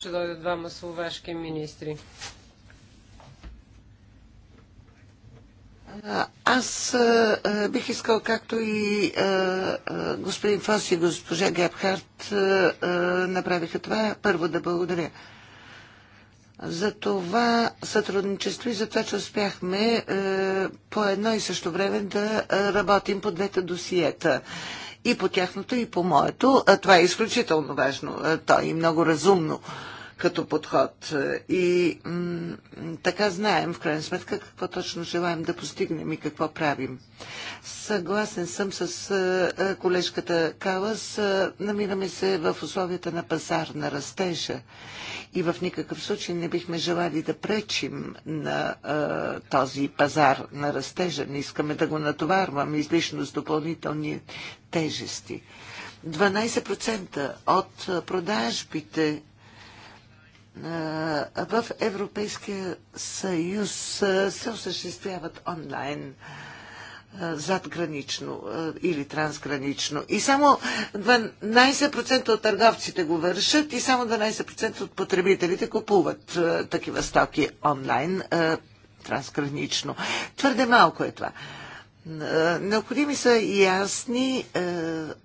ще дойдат двама словашки министри. Аз а, бих искал, както и а, господин Фос и госпожа Гебхарт направиха това, първо да благодаря за това сътрудничество и за това, че успяхме по едно и също време да работим по двете досиета и по тяхното, и по моето. Това е изключително важно. То е и много разумно като подход. Е, и така знаем, в крайна сметка, какво точно желаем да постигнем и какво правим. Съгласен съм с е, е, колежката Калас. Намираме се в условията на пазар, на растежа. И в никакъв случай не бихме желали да пречим на а, този пазар на растежа. Не искаме да го натоварваме излишно с допълнителни тежести. 12% от продажбите в Европейския съюз се осъществяват онлайн задгранично или трансгранично. И само 12% от търговците го вършат и само 12% от потребителите купуват такива стоки онлайн трансгранично. Твърде малко е това. Необходими са ясни, е,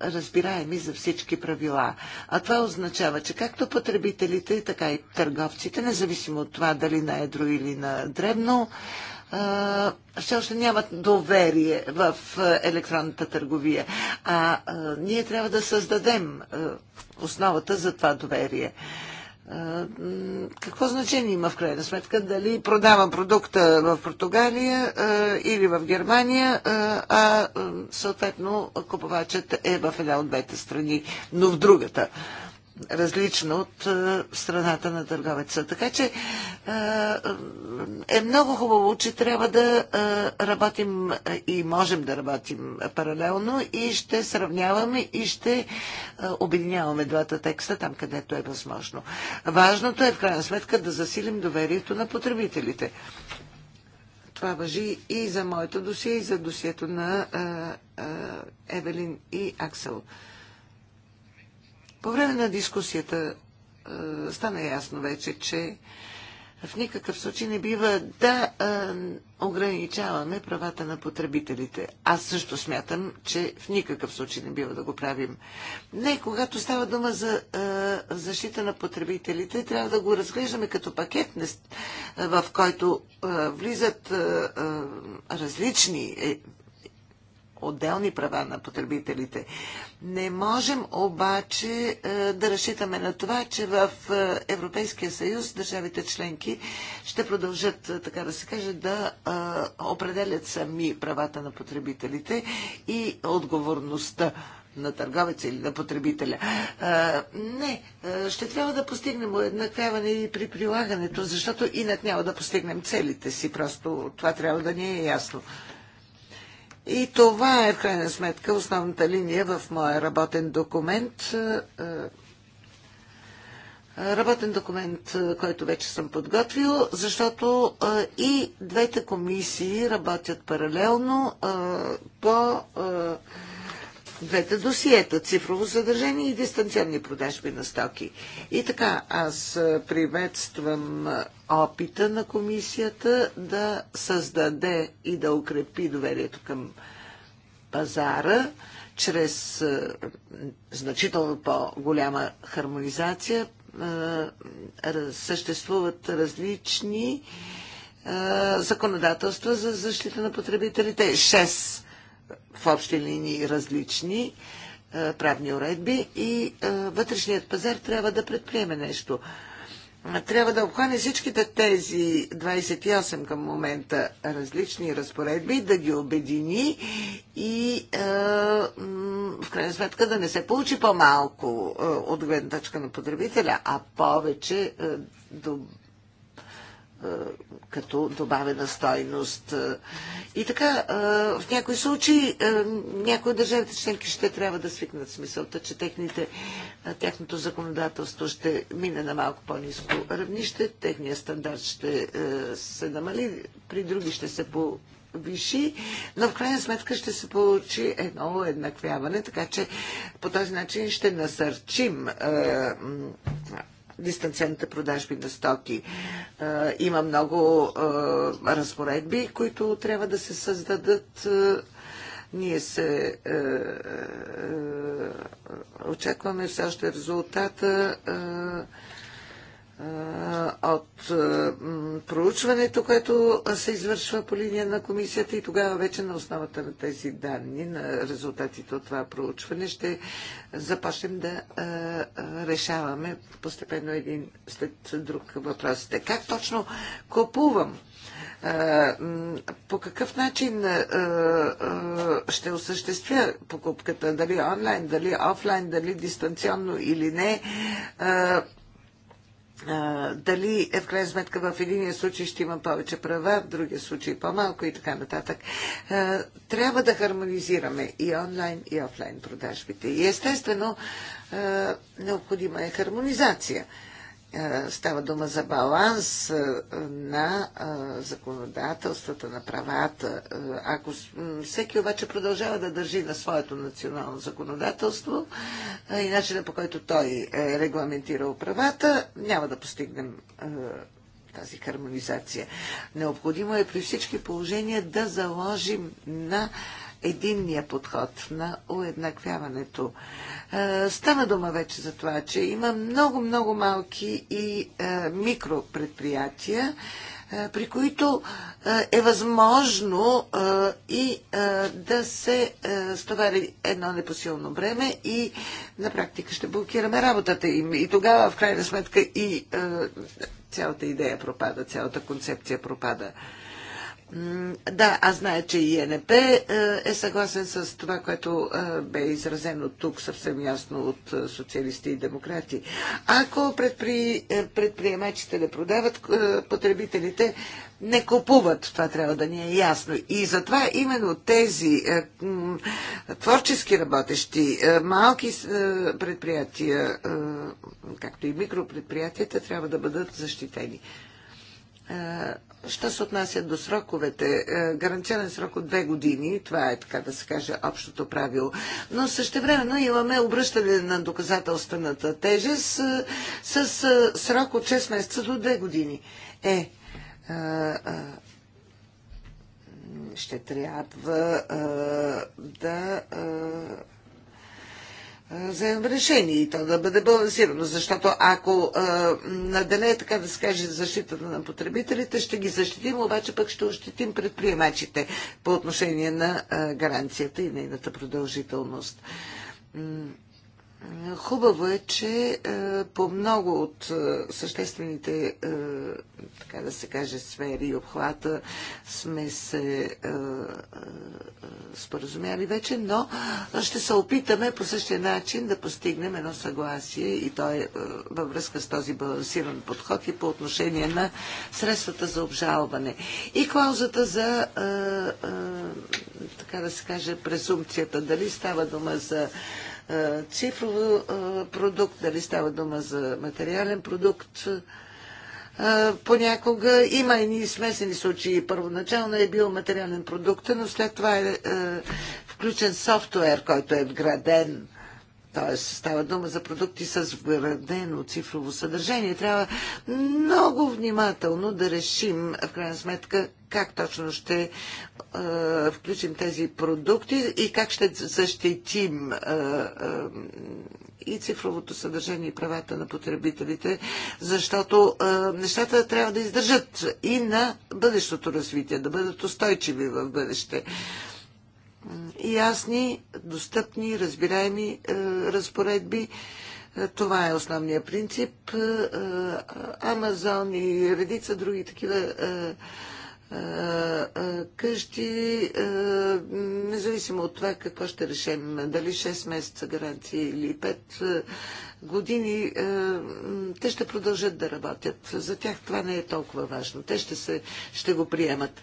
разбираеми за всички правила. А това означава, че както потребителите, така и търговците, независимо от това дали на едро или на дребно, е, все още нямат доверие в е, електронната търговия. А ние трябва да създадем основата за това доверие какво значение има в крайна сметка дали продавам продукта в Португалия или в Германия, а съответно купувачът е в една от двете страни, но в другата различно от страната на търговеца. Така че е много хубаво, че трябва да работим и можем да работим паралелно и ще сравняваме и ще обединяваме двата текста там, където е възможно. Важното е в крайна сметка да засилим доверието на потребителите. Това въжи и за моето досие, и за досието на Евелин и Аксел. По време на дискусията е, стана ясно вече, че в никакъв случай не бива да а, е, ограничаваме правата на потребителите. Аз също смятам, че в никакъв случай не бива да го правим. Не, когато става дума за а, е, защита на потребителите, трябва да го разглеждаме като пакет, в който а, влизат а, а, различни отделни права на потребителите. Не можем обаче е, да разчитаме на това, че в е, Европейския съюз държавите членки ще продължат, е, така да се каже, да определят сами правата на потребителите и отговорността на търговеца или на потребителя. А, не, ще трябва да постигнем еднаквяване и при прилагането, защото инак няма да постигнем целите си. Просто това трябва да ни е ясно. И това е в крайна сметка основната линия в моя работен документ. Е, е, работен документ, е, който вече съм подготвил, защото и двете комисии работят паралелно по двете досиета цифрово съдържание и дистанционни продажби на стоки. И така, аз приветствам опита на комисията да създаде и да укрепи доверието към пазара чрез значително по-голяма хармонизация. Съществуват различни законодателства за защита на потребителите. Шест в общи линии различни е, правни уредби и е, вътрешният пазар трябва да предприеме нещо. Трябва да обхване всичките тези 28 към момента различни разпоредби, да ги обедини и е, в крайна сметка да не се получи по-малко от гледна точка на потребителя, а повече добре е, като добавена стойност. Е, и така, е, в някои случаи някои от държавите членки ще трябва да свикнат с мисълта, че техните, тяхното законодателство ще мине на малко по-низко равнище, техният стандарт ще се намали, при други ще се по виши, но в крайна сметка ще се получи едно еднаквяване, така че по този начин ще насърчим е, дистанционните продажби на стоки. Е, има много е, разпоредби, които трябва да се създадат. Е, ние се е, е, очакваме все още резултата. Е, от проучването, което се извършва по линия на комисията и тогава вече на основата на тези данни, на резултатите от това проучване, ще започнем да решаваме постепенно един след друг въпросите. Как точно купувам? По какъв начин ще осъществя покупката? Дали онлайн, дали офлайн, дали дистанционно или не? дали е в крайна сметка в единия случай ще има повече права, в другия случай по-малко и така нататък. Трябва да хармонизираме и онлайн, и офлайн продажбите. И естествено, необходима е хармонизация е, става дума за баланс е, на е, законодателствата, на правата. Ако всеки обаче продължава да държи на своето национално законодателство и начина по който той е регламентирал правата, няма да постигнем тази хармонизация. Необходимо е при всички положения да заложим на единния подход, на уеднаквяването. Стана дума вече за това, че има много-много малки и микропредприятия, при които е възможно и да се стовари едно непосилно бреме и на практика ще блокираме работата им. И тогава, в крайна сметка, и цялата идея пропада, цялата концепция пропада. Да, аз зная, че и ЕНП е, е съгласен с това, което е, бе изразено тук съвсем ясно от е, социалисти и демократи. Ако предпри... предприемачите не продават, потребителите не купуват. Това трябва да ни е ясно. И затова именно тези творчески работещи, малки предприятия, както и микропредприятията, трябва да бъдат защитени. Що се отнася до сроковете, гаранционен срок от две години, това е така да се каже общото правило, но същевременно имаме обръщане на доказателствената тежест с, с срок от 6 месеца до две години. Е, а, а, ще трябва а, да вземем решение и то да бъде балансирано, защото ако а, наделее, е така да се каже, защитата на потребителите, ще ги защитим, обаче пък ще ощетим предприемачите по отношение на гаранцията и нейната продължителност. Хубаво е, че е, по много от е, съществените, е, така да се каже, сфери и обхвата сме се споразумяли вече, но ще се опитаме по същия начин да постигнем едно съгласие и то е във връзка с този балансиран подход и по отношение на средствата за обжалване. И клаузата за, така да се каже, презумцията, Дали става дума за е, цифров е, продукт, дали става дума за материален продукт. Е, понякога има и смесени случаи. Първоначално е бил материален продукт, но след това е включен софтуер, който е вграден т.е. става дума за продукти с вградено цифрово съдържание. Трябва много внимателно да решим, в крайна сметка, как точно ще е, включим тези продукти и как ще защитим е, е, и цифровото съдържание и правата на потребителите, защото е, нещата трябва да издържат и на бъдещото развитие, да бъдат устойчиви в бъдеще ясни, достъпни, разбираеми е, разпоредби. Е, това е основния принцип. Е, Амазон и редица други такива къщи, независимо от това какво ще решим, дали 6 месеца гаранция или 5 години, те ще продължат да работят. За тях това не е толкова важно. Те ще, се, ще го приемат.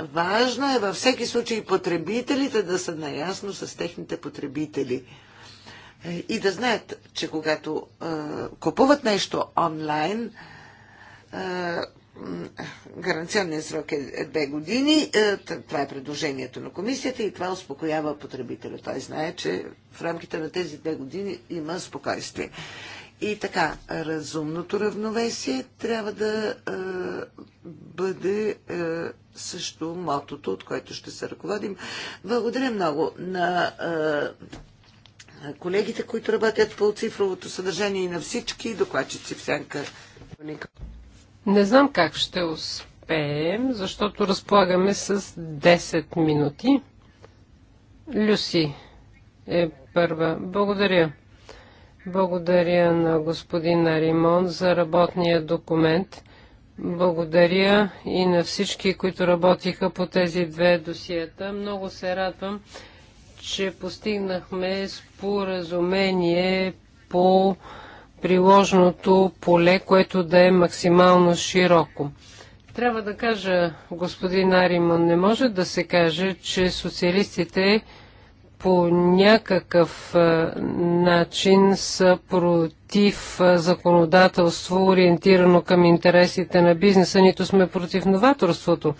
Важно е във всеки случай потребителите да са наясно с техните потребители е, и да знаят, че когато е, купуват нещо онлайн, е, гаранционният срок е, е две години. Е, това е предложението на комисията и това успокоява потребителя. Той знае, че в рамките на тези две години има спокойствие. И така, разумното равновесие трябва да а, е, бъде а, е, също мотото, от което ще се ръководим. Благодаря много на а, е, колегите, които работят по цифровото съдържание и на всички докладчици в сянка. Не знам как ще успеем, защото разполагаме с 10 минути. Люси е първа. Благодаря. Благодаря на господин Аримон за работния документ. Благодаря и на всички, които работиха по тези две досиета. Много се радвам, че постигнахме споразумение по приложното поле, което да е максимално широко. Трябва да кажа, господин Аримон, не може да се каже, че социалистите по някакъв е, начин са против е, законодателство, ориентирано към интересите на бизнеса, нито сме против новаторството.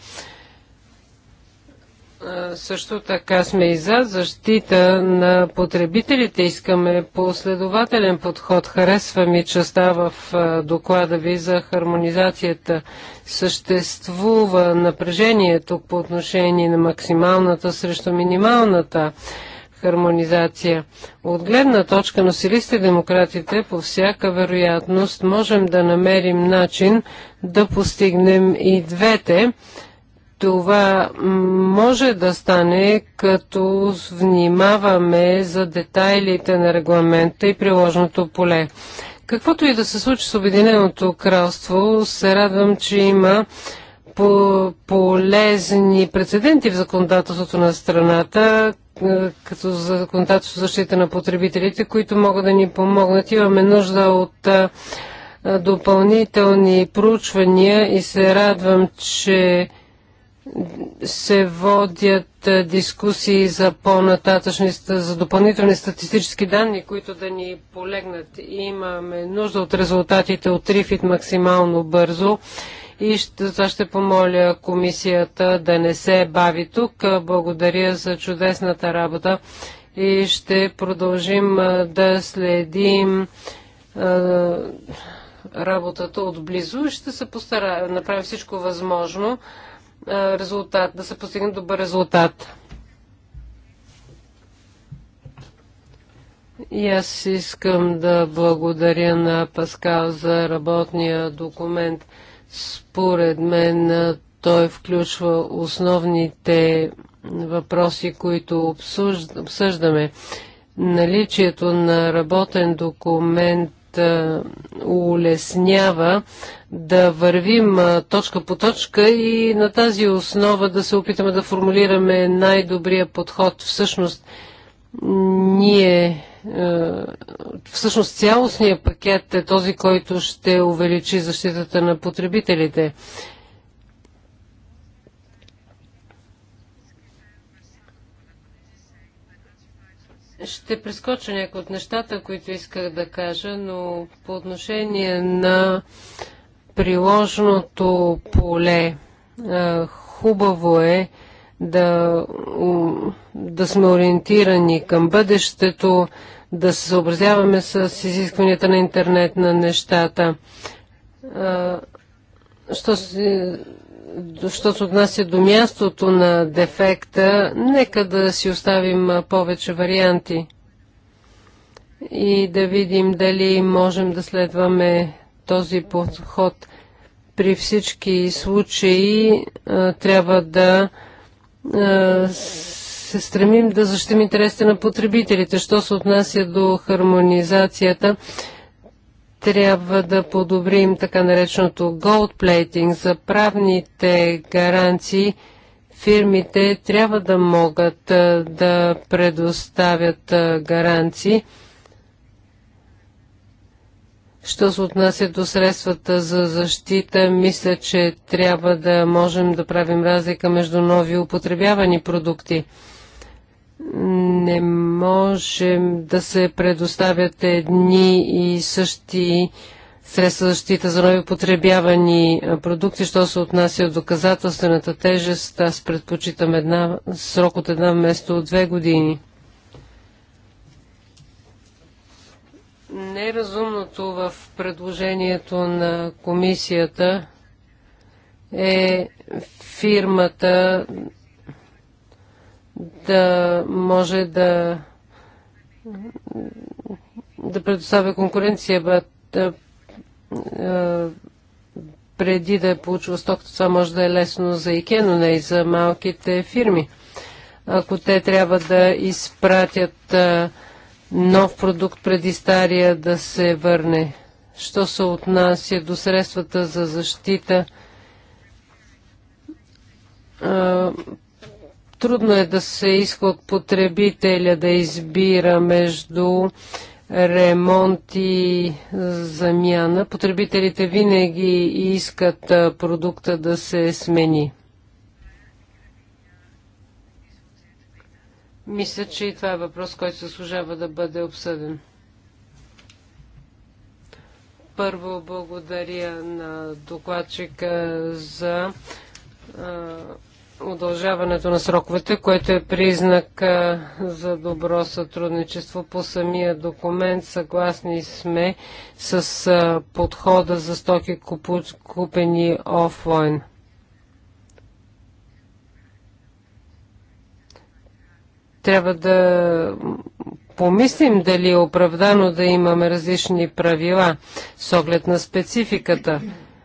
Е, също така сме и за защита на потребителите. Искаме последователен подход. Харесва ми частта в доклада ви за хармонизацията. Съществува напрежението по отношение на максималната срещу минималната хармонизация. От гледна точка на силисти демократите, по всяка вероятност, можем да намерим начин да постигнем и двете. Това може да стане, като внимаваме за детайлите на регламента и приложното поле. Каквото и да се случи с Обединеното кралство, се радвам, че има по полезни прецеденти в законодателството на страната, е, като законодателство защита на потребителите, които могат да ни помогнат. Имаме нужда от е, е, допълнителни проучвания и се радвам, че се водят дискусии за по-нататъчни, за допълнителни статистически данни, които да ни полегнат. Имаме нужда от резултатите от Рифит максимално бързо и ще, за ще помоля комисията да не се бави тук. Благодаря за чудесната работа и ще продължим да следим работата отблизо и ще се постара, направя всичко възможно резултат, да се постигне добър резултат. И аз искам да благодаря на Паскал за работния документ. Според мен той включва основните въпроси, които обсъждаме. Наличието на работен документ улеснява да вървим точка по точка и на тази основа да се опитаме да формулираме най-добрия подход. Всъщност, ние е, всъщност цялостният пакет е този, който ще увеличи защитата на потребителите. Ще прескоча някои от нещата, които исках да кажа, но по отношение на приложното поле, е, хубаво е, да, да сме ориентирани към бъдещето, да се съобразяваме с изискванията на интернет на нещата. Що се, що се отнася до мястото на дефекта, нека да си оставим повече варианти и да видим дали можем да следваме този подход. При всички случаи трябва да е, се стремим да защитим интересите на потребителите. Що се отнася до хармонизацията, трябва да подобрим така нареченото gold plating за правните гаранции. Фирмите трябва да могат е, да предоставят е, гаранции Що се отнася до средствата за защита, мисля, че трябва да можем да правим разлика между нови употребявани продукти. Не можем да се предоставят едни и същи средства за защита за нови употребявани продукти, що се отнася от доказателствената тежест, аз предпочитам една, срок от една вместо от две години. Неразумното в предложението на комисията е фирмата да може да да предоставя конкуренция бъд, да, а, преди да е получила стоката. Това може да е лесно за ИКЕ, но не и за малките фирми. Ако те трябва да изпратят а, нов продукт преди стария да се върне. Що се отнася до средствата за защита, трудно е да се иска от потребителя да избира между ремонт и замяна. Потребителите винаги искат продукта да се смени. Мисля, че и това е въпрос, който се служава да бъде обсъден. Първо благодаря на докладчика за а, удължаването на сроковете, което е признак а, за добро сътрудничество по самия документ. Съгласни сме с а, подхода за стоки купени офлайн. Трябва да помислим дали е оправдано да имаме различни правила с оглед на спецификата.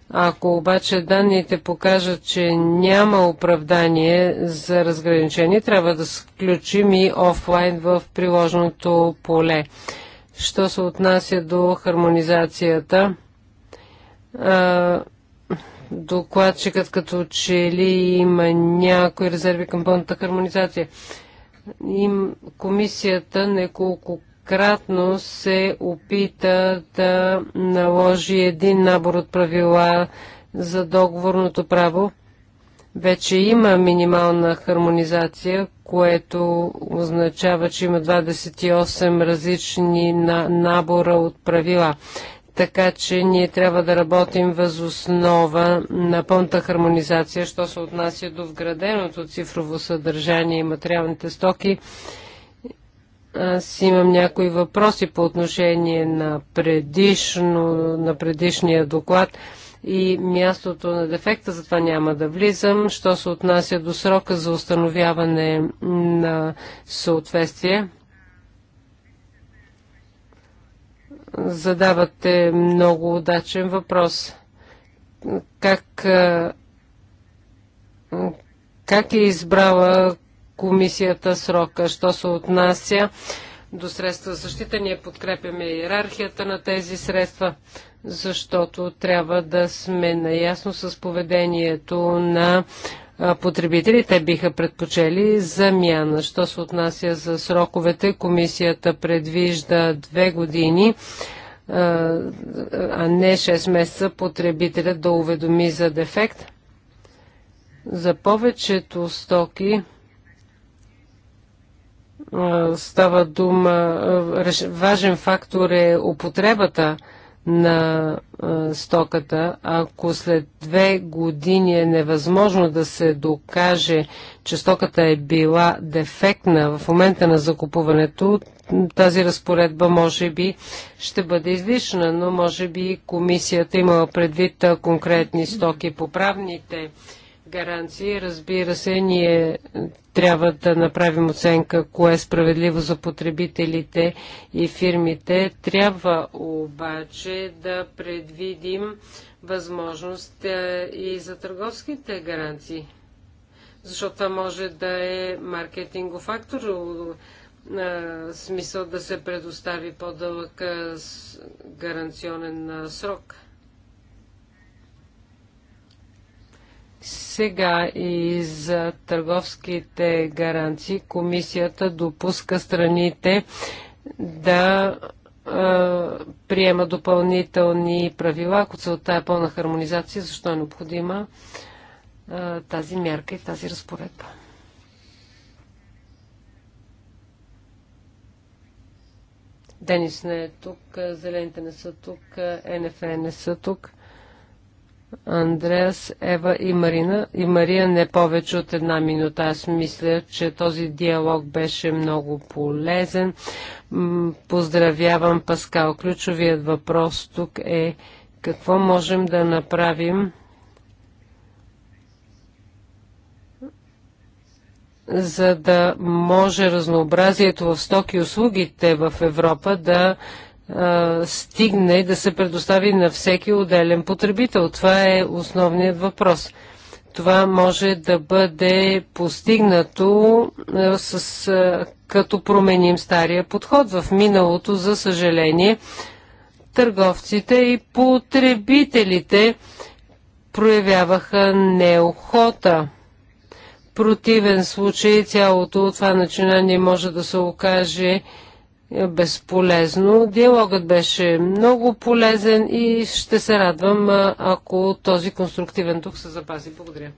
Ако обаче данните покажат, че няма оправдание за разграничение, трябва да сключим и офлайн в приложеното поле. Що се отнася до хармонизацията, докладчикът като че ли има някои резерви към пълната хармонизация им комисията неколкократно се опита да наложи един набор от правила за договорното право. Вече има минимална хармонизация, което означава, че има 28 различни на набора от правила. Така че ние трябва да работим възоснова на пълната хармонизация, що се отнася до вграденото цифрово съдържание и материалните стоки. Аз имам някои въпроси по отношение на, предишно, на предишния доклад и мястото на дефекта, затова няма да влизам. Що се отнася до срока за установяване на съответствие, задавате много удачен въпрос. Как, как е избрала комисията срока, що се отнася до средства за защита. Ние подкрепяме иерархията на тези средства, защото трябва да сме наясно с поведението на Потребителите биха предпочели замяна. Що се отнася за сроковете, комисията предвижда две години а не 6 месеца потребителя да уведоми за дефект. За повечето стоки става дума, важен фактор е употребата на а, стоката, ако след две години е невъзможно да се докаже, че стоката е била дефектна в момента на закупуването, тази разпоредба може би ще бъде излишна, но може би комисията имала предвид конкретни стоки по правните гаранции. Разбира се, ние трябва да направим оценка, кое е справедливо за потребителите и фирмите. Трябва обаче да предвидим възможност е, и за търговските гаранции. Защото това може да е маркетингов фактор, е, смисъл да се предостави по-дълъг е, гаранционен срок. Сега и за търговските гаранции комисията допуска страните да приема допълнителни правила. Ако целта е пълна хармонизация, защо е необходима а, тази мярка и тази разпоредба? Денис не е тук, зелените не са тук, е НФ е не са тук. Андреас, Ева и Марина. И Мария не повече от една минута. Аз мисля, че този диалог беше много полезен. Поздравявам Паскал. Ключовият въпрос тук е какво можем да направим за да може разнообразието в стоки и услугите в Европа да стигне да се предостави на всеки отделен потребител? Това е основният въпрос. Това може да бъде постигнато с, като променим стария подход. В миналото, за съжаление, търговците и потребителите проявяваха неохота. В противен случай цялото това начинание може да се окаже е безполезно. Диалогът беше много полезен и ще се радвам, ако този конструктивен дух се запази. Благодаря.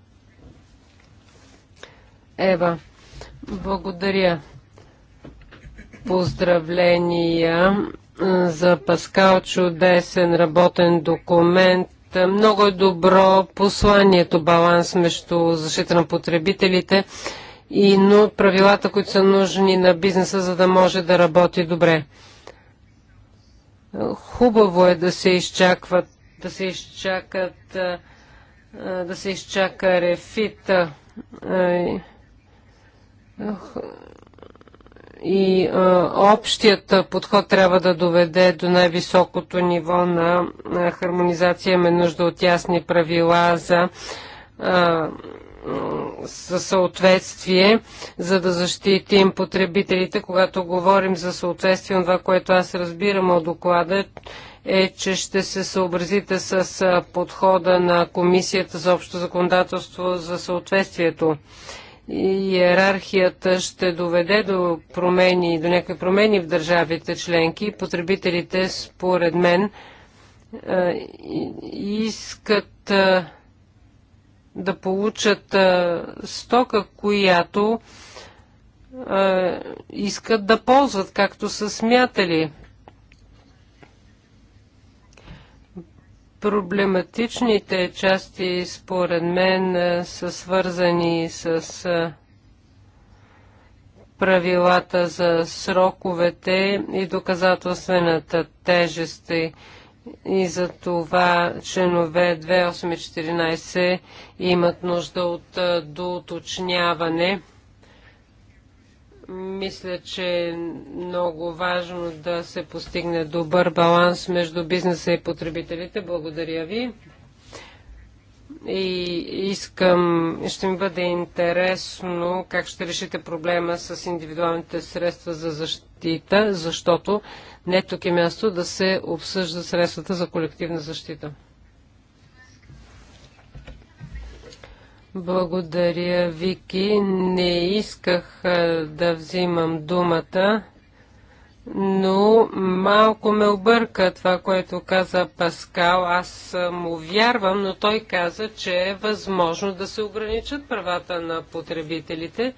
Ева, благодаря. Поздравления за Паскал чудесен работен документ. Много е добро посланието баланс между защита на потребителите и, но правилата, които са нужни на бизнеса, за да може да работи добре. Хубаво е да се изчакват, да се изчакат, да се изчака рефита и общият подход трябва да доведе до най-високото ниво на, хармонизация. Имаме нужда от ясни правила за със съответствие, за да защитим потребителите. Когато говорим за съответствие, това, което аз разбирам от доклада, е, че ще се съобразите с подхода на Комисията за общо законодателство за съответствието. Иерархията ще доведе до промени, до някакви промени в държавите членки. Потребителите, според мен, искат да получат а, стока, която а, искат да ползват, както са смятали. Проблематичните части, според мен, са свързани с правилата за сроковете и доказателствената тежест и за това членове 2, 8 и 14 имат нужда от доуточняване. Мисля, че е много важно да се постигне добър баланс между бизнеса и потребителите. Благодаря ви. И искам, ще ми бъде интересно как ще решите проблема с индивидуалните средства за защита, защото не тук е място да се обсъжда средствата за колективна защита. Благодаря, Вики. Не исках да взимам думата, но малко ме обърка това, което каза Паскал. Аз му вярвам, но той каза, че е възможно да се ограничат правата на потребителите.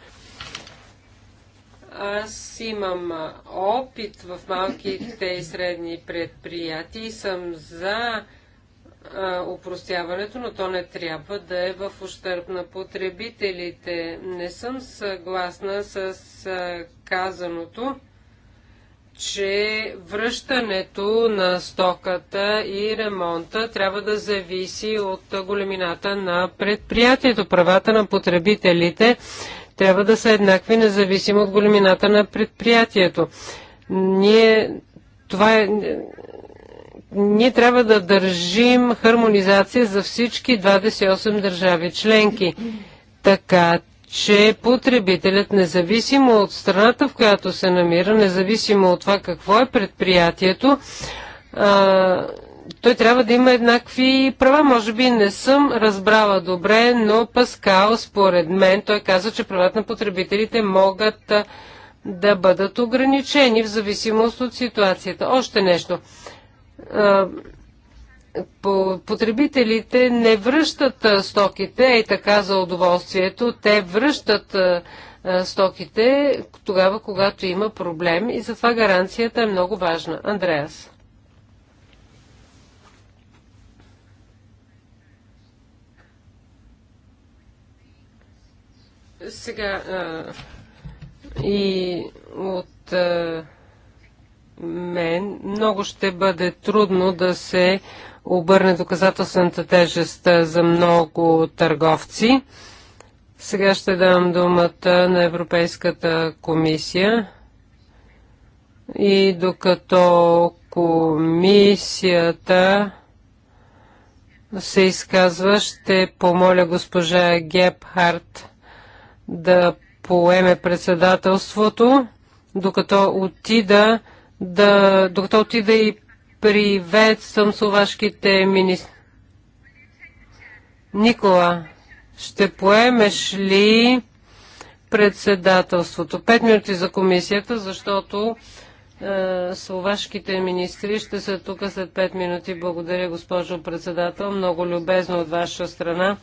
Аз имам опит в малките и средни предприятия и съм за упростяването, но то не трябва да е в ущърп на потребителите. Не съм съгласна с казаното, че връщането на стоката и ремонта трябва да зависи от големината на предприятието. Правата на потребителите трябва да са еднакви, независимо от големината на предприятието. Ние, това е, ние трябва да държим хармонизация за всички 28 държави членки, така че потребителят, независимо от страната, в която се намира, независимо от това какво е предприятието, а, той трябва да има еднакви права. Може би не съм разбрала добре, но Паскал, според мен, той каза, че правата на потребителите могат да бъдат ограничени в зависимост от ситуацията. Още нещо. Потребителите не връщат стоките, е така за удоволствието, те връщат стоките тогава, когато има проблем и затова гаранцията е много важна. Андреас. Сега и от мен много ще бъде трудно да се обърне доказателствената тежест за много търговци. Сега ще дам думата на Европейската комисия. И докато комисията се изказва, ще помоля госпожа Гебхарт да поеме председателството, докато отида, да, докато отида и приветствам словашките министри. Никола, ще поемеш ли председателството? Пет минути за комисията, защото е, словашките министри ще са тук след 5 минути. Благодаря, госпожо председател. Много любезно от ваша страна.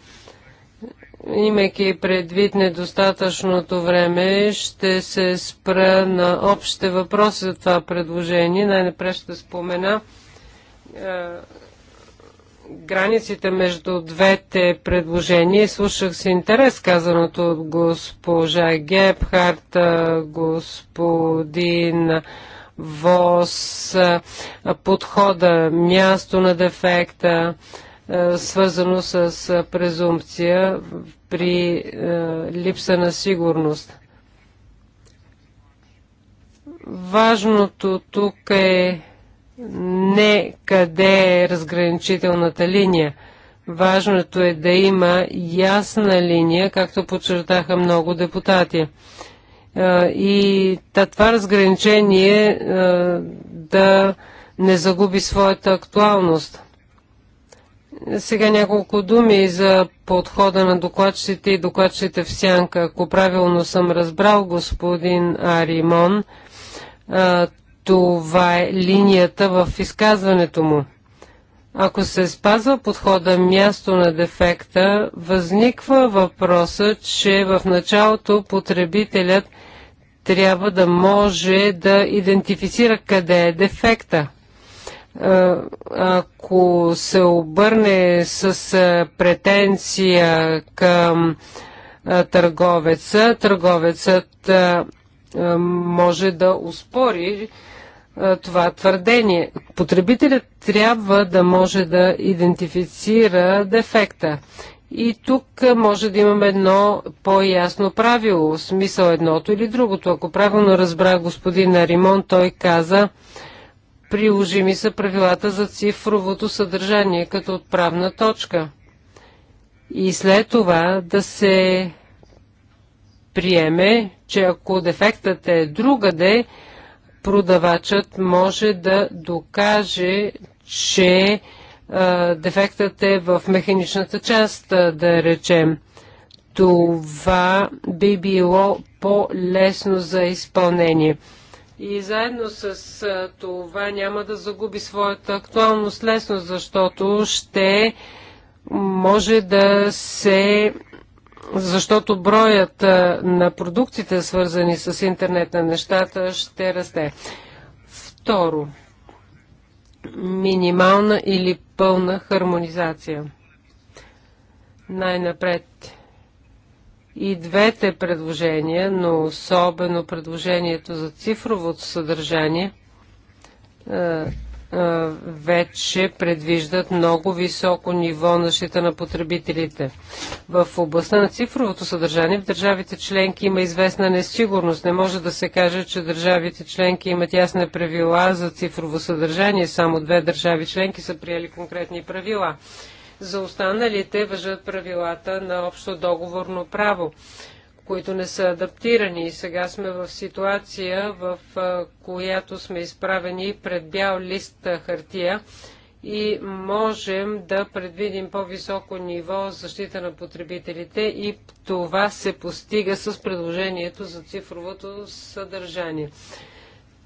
Имайки предвид недостатъчното време, ще се спра на общите въпроси за това предложение. Най-напред ще спомена е, границите между двете предложения. Слушах с интерес казаното от госпожа Гепхарт, е, господин ВОС, е, подхода, място на дефекта. Е, е, свързано с презумпция при е, липса на сигурност. Важното тук е не къде е разграничителната линия. Важното е да има ясна линия, както подчертаха много депутати. Е, и това разграничение да не загуби своята актуалност. Сега няколко думи за подхода на докладчите и докладчите в сянка. Ако правилно съм разбрал, господин Аримон, това е линията в изказването му. Ако се спазва подхода място на дефекта, възниква въпроса, че в началото потребителят трябва да може да идентифицира къде е дефекта. Е, ако се обърне с е, претенция към е, търговеца, търговецът може да успори това твърдение. Потребителят трябва да може да идентифицира дефекта. И тук може да имаме едно по-ясно правило, смисъл едното или другото. Ако правилно разбра господин Аримон, той каза, приложими са правилата за цифровото съдържание като отправна точка. И след това да се приеме, че ако дефектът е другаде, продавачът може да докаже, че а, дефектът е в механичната част, да речем. Това би било по-лесно за изпълнение и заедно с това няма да загуби своята актуалност лесно, защото ще може да се защото броят на продукциите, свързани с интернет на нещата, ще расте. Второ, минимална или пълна хармонизация. Най-напред и двете предложения, но особено предложението за цифровото съдържание е, е, вече предвиждат много високо ниво на щита на потребителите. В областта на цифровото съдържание в държавите членки има известна несигурност. Не може да се каже, че държавите членки имат ясни правила за цифрово съдържание. Само две държави членки са приели конкретни правила. За останалите въжат правилата на общо договорно право, които не са адаптирани. И сега сме в ситуация, в която сме изправени пред бял лист хартия и можем да предвидим по-високо ниво защита на потребителите и това се постига с предложението за цифровото съдържание.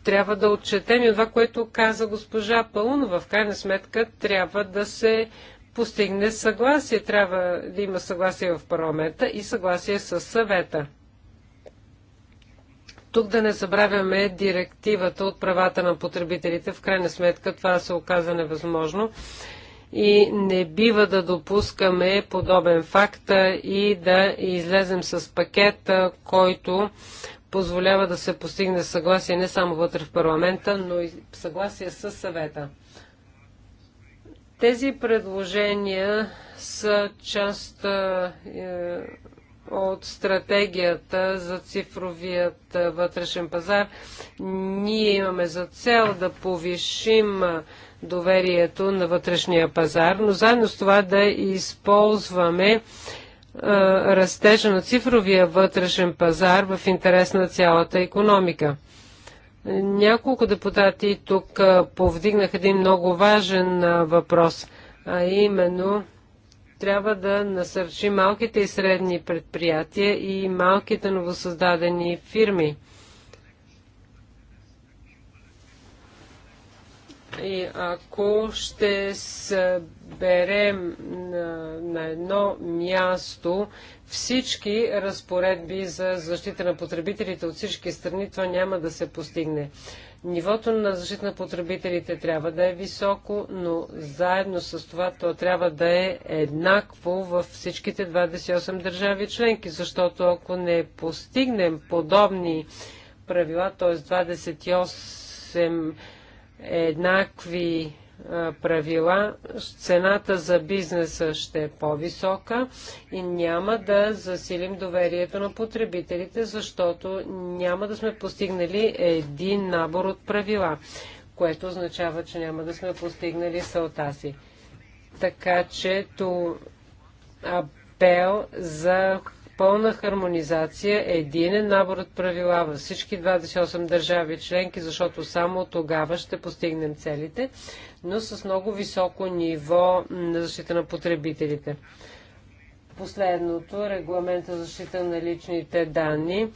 Трябва да отчетем и това, което каза госпожа Пълнова. В крайна сметка трябва да се постигне съгласие. Трябва да има съгласие в парламента и съгласие с съвета. Тук да не забравяме директивата от правата на потребителите. В крайна сметка това се оказа невъзможно и не бива да допускаме подобен факт и да излезем с пакет, който позволява да се постигне съгласие не само вътре в парламента, но и съгласие с съвета. Тези предложения са част е, от стратегията за цифровият е, вътрешен пазар. Ние имаме за цел да повишим е, доверието на вътрешния пазар, но заедно с това да използваме е, растежа на цифровия вътрешен пазар в интерес на цялата економика. Няколко депутати тук повдигнах един много важен въпрос, а именно трябва да насърчи малките и средни предприятия и малките новосъздадени фирми. И ако ще съберем на, на едно място всички разпоредби за защита на потребителите от всички страни, това няма да се постигне. Нивото на защита на потребителите трябва да е високо, но заедно с това то трябва да е еднакво във всичките 28 държави членки, защото ако не постигнем подобни правила, т.е. 28 еднакви правила, цената за бизнеса ще е по-висока и няма да засилим доверието на потребителите, защото няма да сме постигнали един набор от правила, което означава, че няма да сме постигнали салта си. Така че то апел за пълна хармонизация, единен набор от правила във всички 28 държави членки, защото само тогава ще постигнем целите, но с много високо ниво на защита на потребителите. Последното, регламента за защита на личните данни.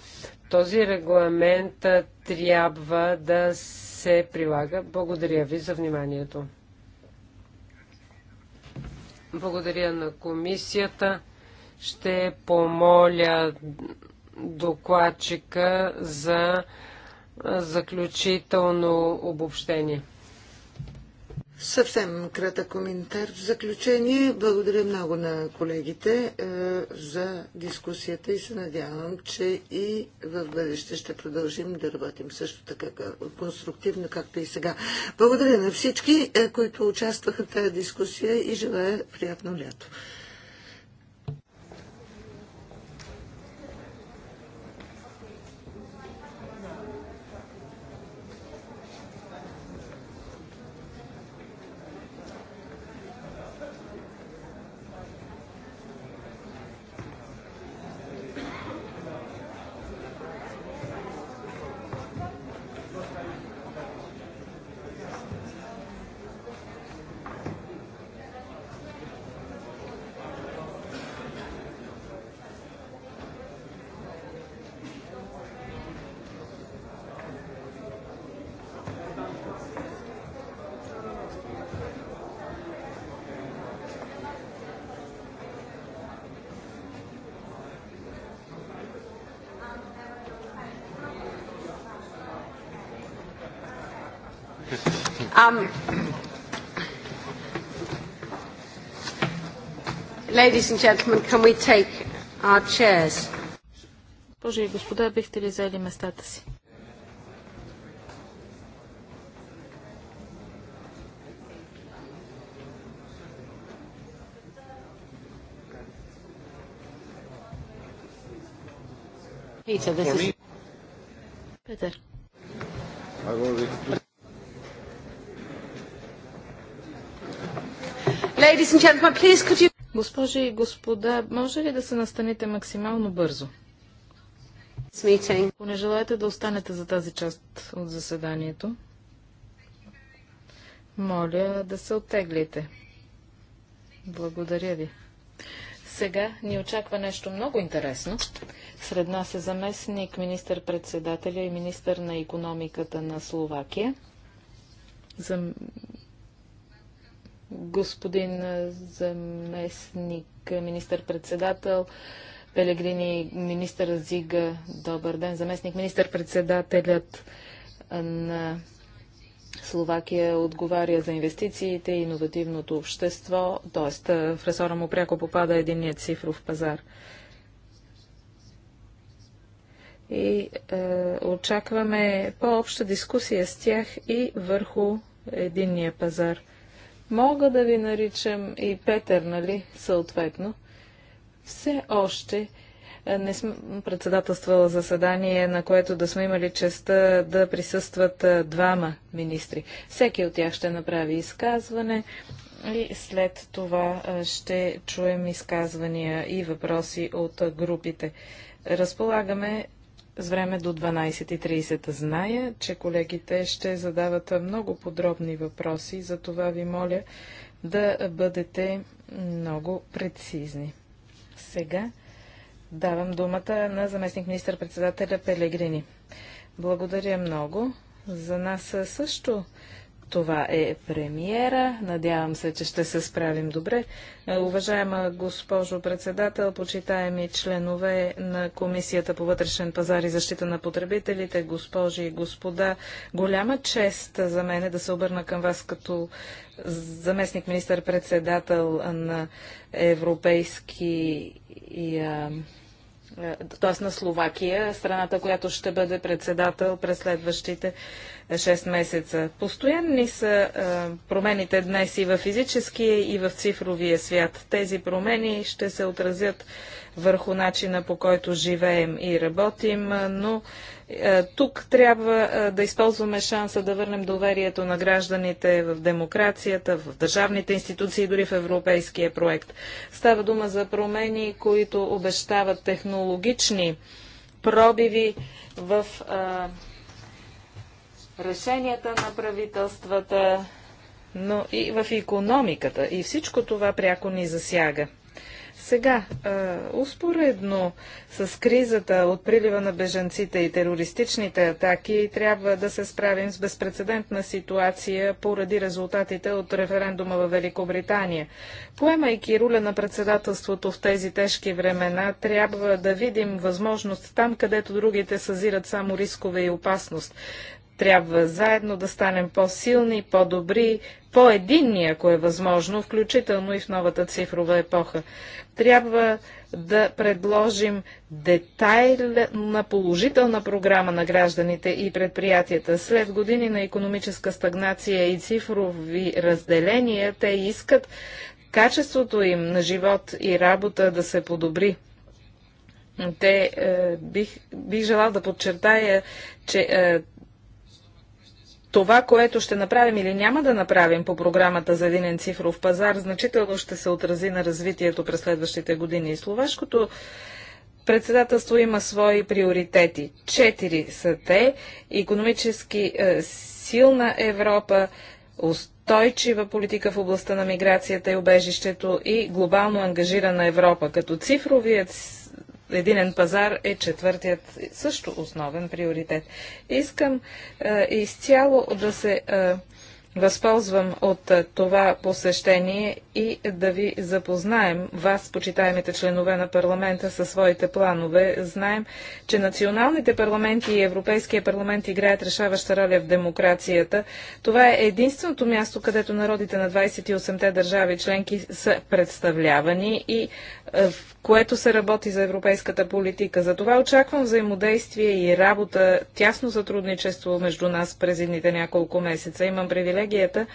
Този регламент трябва да се прилага. Благодаря ви за вниманието. Благодаря на комисията. Ще помоля докладчика за заключително обобщение. Съвсем кратък коментар в заключение. Благодаря много на колегите е, за дискусията и се надявам, че и в бъдеще ще продължим да работим също така конструктивно, както и сега. Благодаря на всички, е, които участваха в тази дискусия и желая приятно лято. Um, ladies and gentlemen, can we take our chairs? Боже и господа, бихте ли заели местата си? Peter, this is... Peter. I've already... You... Госпожи и господа, може ли да се настанете максимално бързо? Ако не желаете да останете за тази част от заседанието, моля да се оттеглите. Благодаря ви. Сега ни очаква нещо много интересно. Сред нас е заместник министър-председателя и министър на економиката на Словакия господин заместник министър-председател. Пелегрини, министър Зига, добър ден. Заместник министър-председателят на Словакия отговаря за инвестициите и иновативното общество, т.е. в ресора му пряко попада единният цифров пазар. И е, очакваме по-обща дискусия с тях и върху единния пазар – Мога да ви наричам и Петър, нали, съответно. Все още е, не съм председателствала заседание, на което да сме имали честа да присъстват е, двама министри. Всеки от тях ще направи изказване и след това е, ще чуем изказвания и въпроси от групите. Разполагаме с време до 12.30. Зная, че колегите ще задават много подробни въпроси, за това ви моля да бъдете много прецизни. Сега давам думата на заместник министър-председателя Пелегрини. Благодаря много. За нас също това е премиера. Надявам се, че ще се справим добре. Е, уважаема госпожо председател, почитаеми членове на Комисията по вътрешен пазар и защита на потребителите, госпожи и господа, голяма чест за мен е да се обърна към вас като заместник министър-председател на Европейски и т.е. на Словакия, страната, която ще бъде председател през следващите 6 месеца. Постоянни са промените днес и в физическия, и в цифровия свят. Тези промени ще се отразят върху начина по който живеем и работим, но тук трябва да използваме шанса да върнем доверието на гражданите в демокрацията, в държавните институции, дори в европейския проект. Става дума за промени, които обещават технологични пробиви в а, решенията на правителствата, но и в економиката. И всичко това пряко ни засяга. Сега, успоредно с кризата от прилива на бежанците и терористичните атаки, трябва да се справим с безпредседентна ситуация поради резултатите от референдума в Великобритания. Поемайки руля на председателството в тези тежки времена, трябва да видим възможност там, където другите съзират само рискове и опасност. Трябва заедно да станем по-силни, по-добри, по-единни, ако е възможно, включително и в новата цифрова епоха. Трябва да предложим детайлна положителна програма на гражданите и предприятията. След години на економическа стагнация и цифрови разделения, те искат качеството им на живот и работа да се подобри. Те е, бих, бих желал да подчертая, че е, това, което ще направим или няма да направим по програмата за един цифров пазар, значително ще се отрази на развитието през следващите години. И словашкото председателство има свои приоритети. Четири са те. Економически е, силна Европа, устойчива политика в областта на миграцията и убежището и глобално ангажирана Европа. Като цифровият единен пазар е четвъртият също основен приоритет. Искам е, изцяло да се е, възползвам от е, това посещение и да ви запознаем, вас, почитаемите членове на парламента, със своите планове. Знаем, че националните парламенти и Европейския парламент играят решаваща роля в демокрацията. Това е единственото място, където народите на 28-те държави членки са представлявани и е, в което се работи за европейската политика. За това очаквам взаимодействие и работа, тясно сътрудничество между нас през едните няколко месеца. Имам привилегия привилегията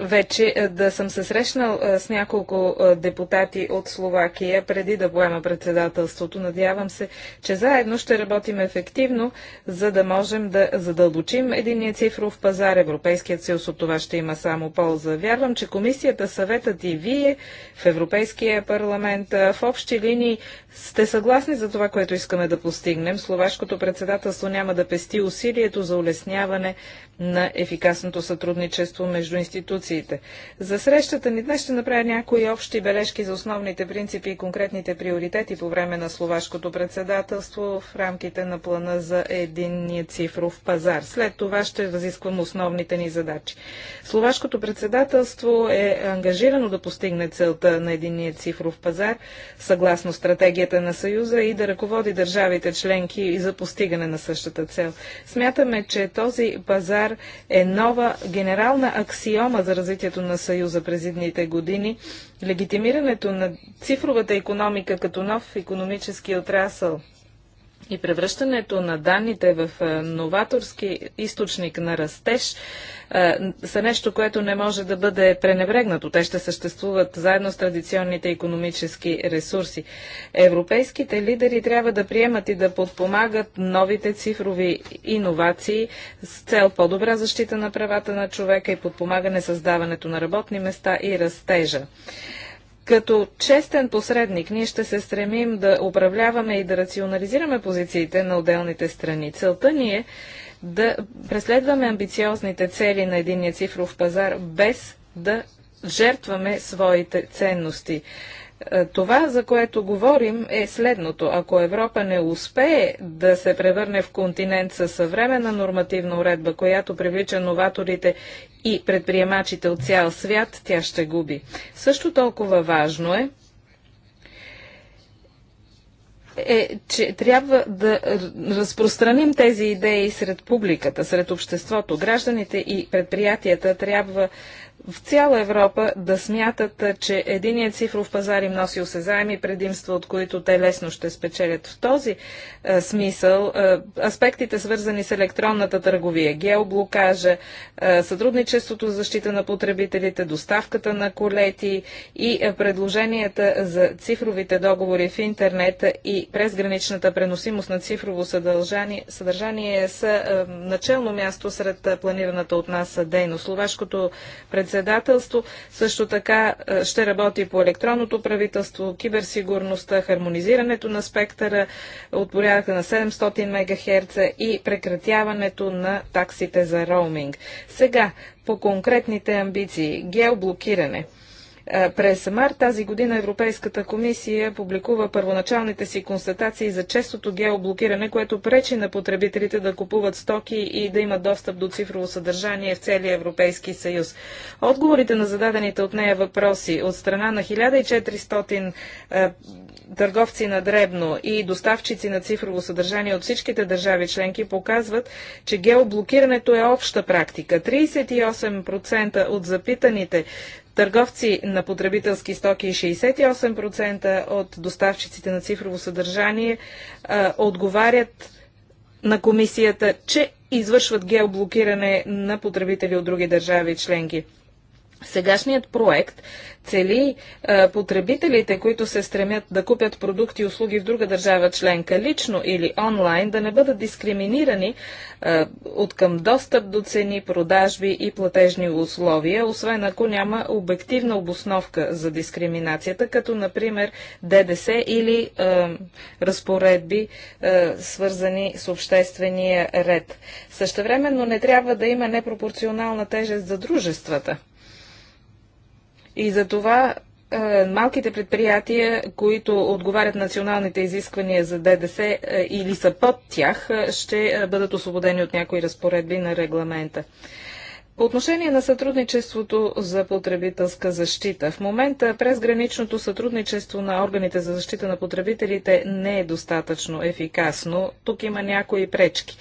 вече е, да съм се срещнал е, с няколко е, депутати от Словакия преди да поема председателството. Надявам се, че заедно ще работим ефективно, за да можем да задълбочим единия цифров пазар. Европейският съюз от това ще има само полза. Вярвам, че комисията, съветът и вие в Европейския парламент в общи линии сте съгласни за това, което искаме да постигнем. Словашкото председателство няма да пести усилието за улесняване на ефикасното сътрудничество между институциите. За срещата ни днес ще направя някои общи бележки за основните принципи и конкретните приоритети по време на словашкото председателство в рамките на плана за единния цифров пазар. След това ще разисквам основните ни задачи. Словашкото председателство е ангажирано да постигне целта на единния цифров пазар съгласно стратегията на Съюза и да ръководи държавите членки за постигане на същата цел. Смятаме, че този пазар пример е нова генерална аксиома за развитието на Съюза през едните години. Легитимирането на цифровата економика като нов економически отрасъл и превръщането на данните в е, новаторски източник на растеж е, са нещо, което не може да бъде пренебрегнато. Те ще съществуват заедно с традиционните економически ресурси. Европейските лидери трябва да приемат и да подпомагат новите цифрови иновации с цел по-добра защита на правата на човека и подпомагане създаването на работни места и растежа. Като честен посредник ние ще се стремим да управляваме и да рационализираме позициите на отделните страни. Целта ни е да преследваме амбициозните цели на единния цифров пазар без да жертваме своите ценности. Е, това, за което говорим, е следното. Ако Европа не успее да се превърне в континент със съвременна нормативна уредба, която привлича новаторите и предприемачите от цял свят, тя ще губи. Също толкова важно е, е, че трябва да разпространим тези идеи сред публиката, сред обществото. Гражданите и предприятията трябва в цяла Европа да смятат, че единият цифров пазар им носи осезаеми предимства, от които те лесно ще спечелят. В този а, смисъл а, аспектите свързани с електронната търговия, геоблокажа, а, сътрудничеството за защита на потребителите, доставката на колети и предложенията за цифровите договори в интернет и презграничната преносимост на цифрово съдържание, съдържание са начално място сред планираната от нас дейност. Словашкото председателство председателство. Също така е, ще работи по електронното правителство, киберсигурността, хармонизирането на спектъра от порядъка на 700 МГц и прекратяването на таксите за роуминг. Сега по конкретните амбиции. Геоблокиране. Е, през март тази година Европейската комисия публикува първоначалните си констатации за честото геоблокиране, което пречи на потребителите да купуват стоки и да имат достъп до цифрово съдържание в целия Европейски съюз. Отговорите на зададените от нея въпроси от страна на 1400 е, търговци на дребно и доставчици на цифрово съдържание от всичките държави членки показват, че геоблокирането е обща практика. 38% от запитаните търговци на потребителски стоки е и 68% от доставчиците на цифрово съдържание а, отговарят на комисията, че извършват геоблокиране на потребители от други държави членки. Сегашният проект цели е, потребителите, които се стремят да купят продукти и услуги в друга държава членка, лично или онлайн, да не бъдат дискриминирани е, от към достъп до цени, продажби и платежни условия, освен ако няма обективна обосновка за дискриминацията, като например ДДС или е, разпоредби, свързани с обществения ред. Същевременно не трябва да има непропорционална тежест за дружествата. И за това е, малките предприятия, които отговарят националните изисквания за ДДС е, или са под тях, е, ще бъдат освободени от някои разпоредби на регламента. По отношение на сътрудничеството за потребителска защита, в момента през граничното сътрудничество на органите за защита на потребителите не е достатъчно ефикасно. Тук има някои пречки.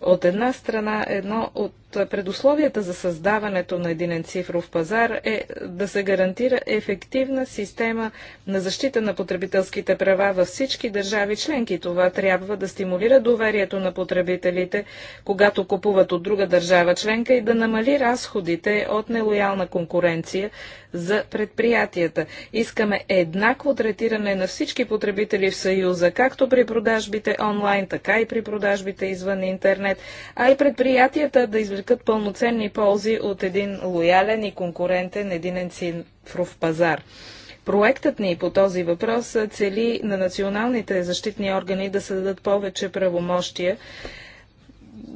От една страна, едно от е предусловията за създаването на единен цифров пазар е да се гарантира ефективна система на защита на потребителските права във всички държави членки. Това трябва да стимулира доверието на потребителите, когато купуват от друга държава членка и да намали разходите от нелоялна конкуренция, за предприятията. Искаме еднакво третиране на всички потребители в Съюза, както при продажбите онлайн, така и при продажбите извън интернет, а и предприятията да извлекат пълноценни ползи от един лоялен и конкурентен единен цифров пазар. Проектът ни по този въпрос цели на националните защитни органи да се дадат повече правомощия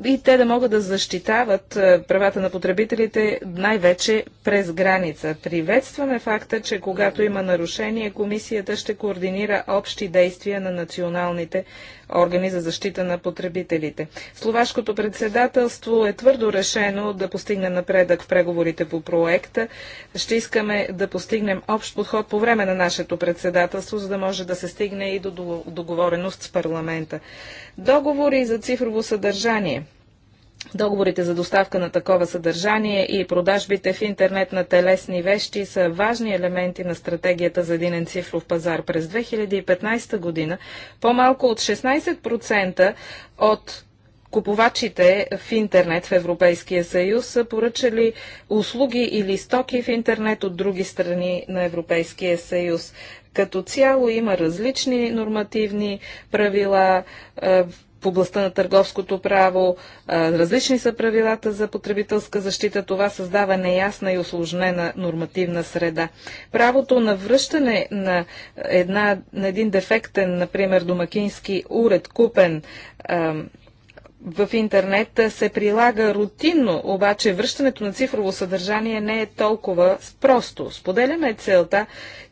и те да могат да защитават е, правата на потребителите най-вече през граница. Приветстваме факта, че когато има нарушение, комисията ще координира общи действия на националните органи за защита на потребителите. Словашкото председателство е твърдо решено да постигне напредък в преговорите по проекта. Ще искаме да постигнем общ подход по време на нашето председателство, за да може да се стигне и до договореност с парламента. Договори за цифрово съдържание – Договорите за доставка на такова съдържание и продажбите в интернет на телесни вещи са важни елементи на стратегията за един цифров пазар. През 2015 година по-малко от 16% от купувачите в интернет в Европейския съюз са поръчали услуги или стоки в интернет от други страни на Европейския съюз. Като цяло има различни нормативни правила, в областта на търговското право, различни са правилата за потребителска защита, това създава неясна и осложнена нормативна среда. Правото на връщане на, една, на един дефектен, например, домакински уред, купен в интернет, се прилага рутинно, обаче връщането на цифрово съдържание не е толкова просто. Споделяме целта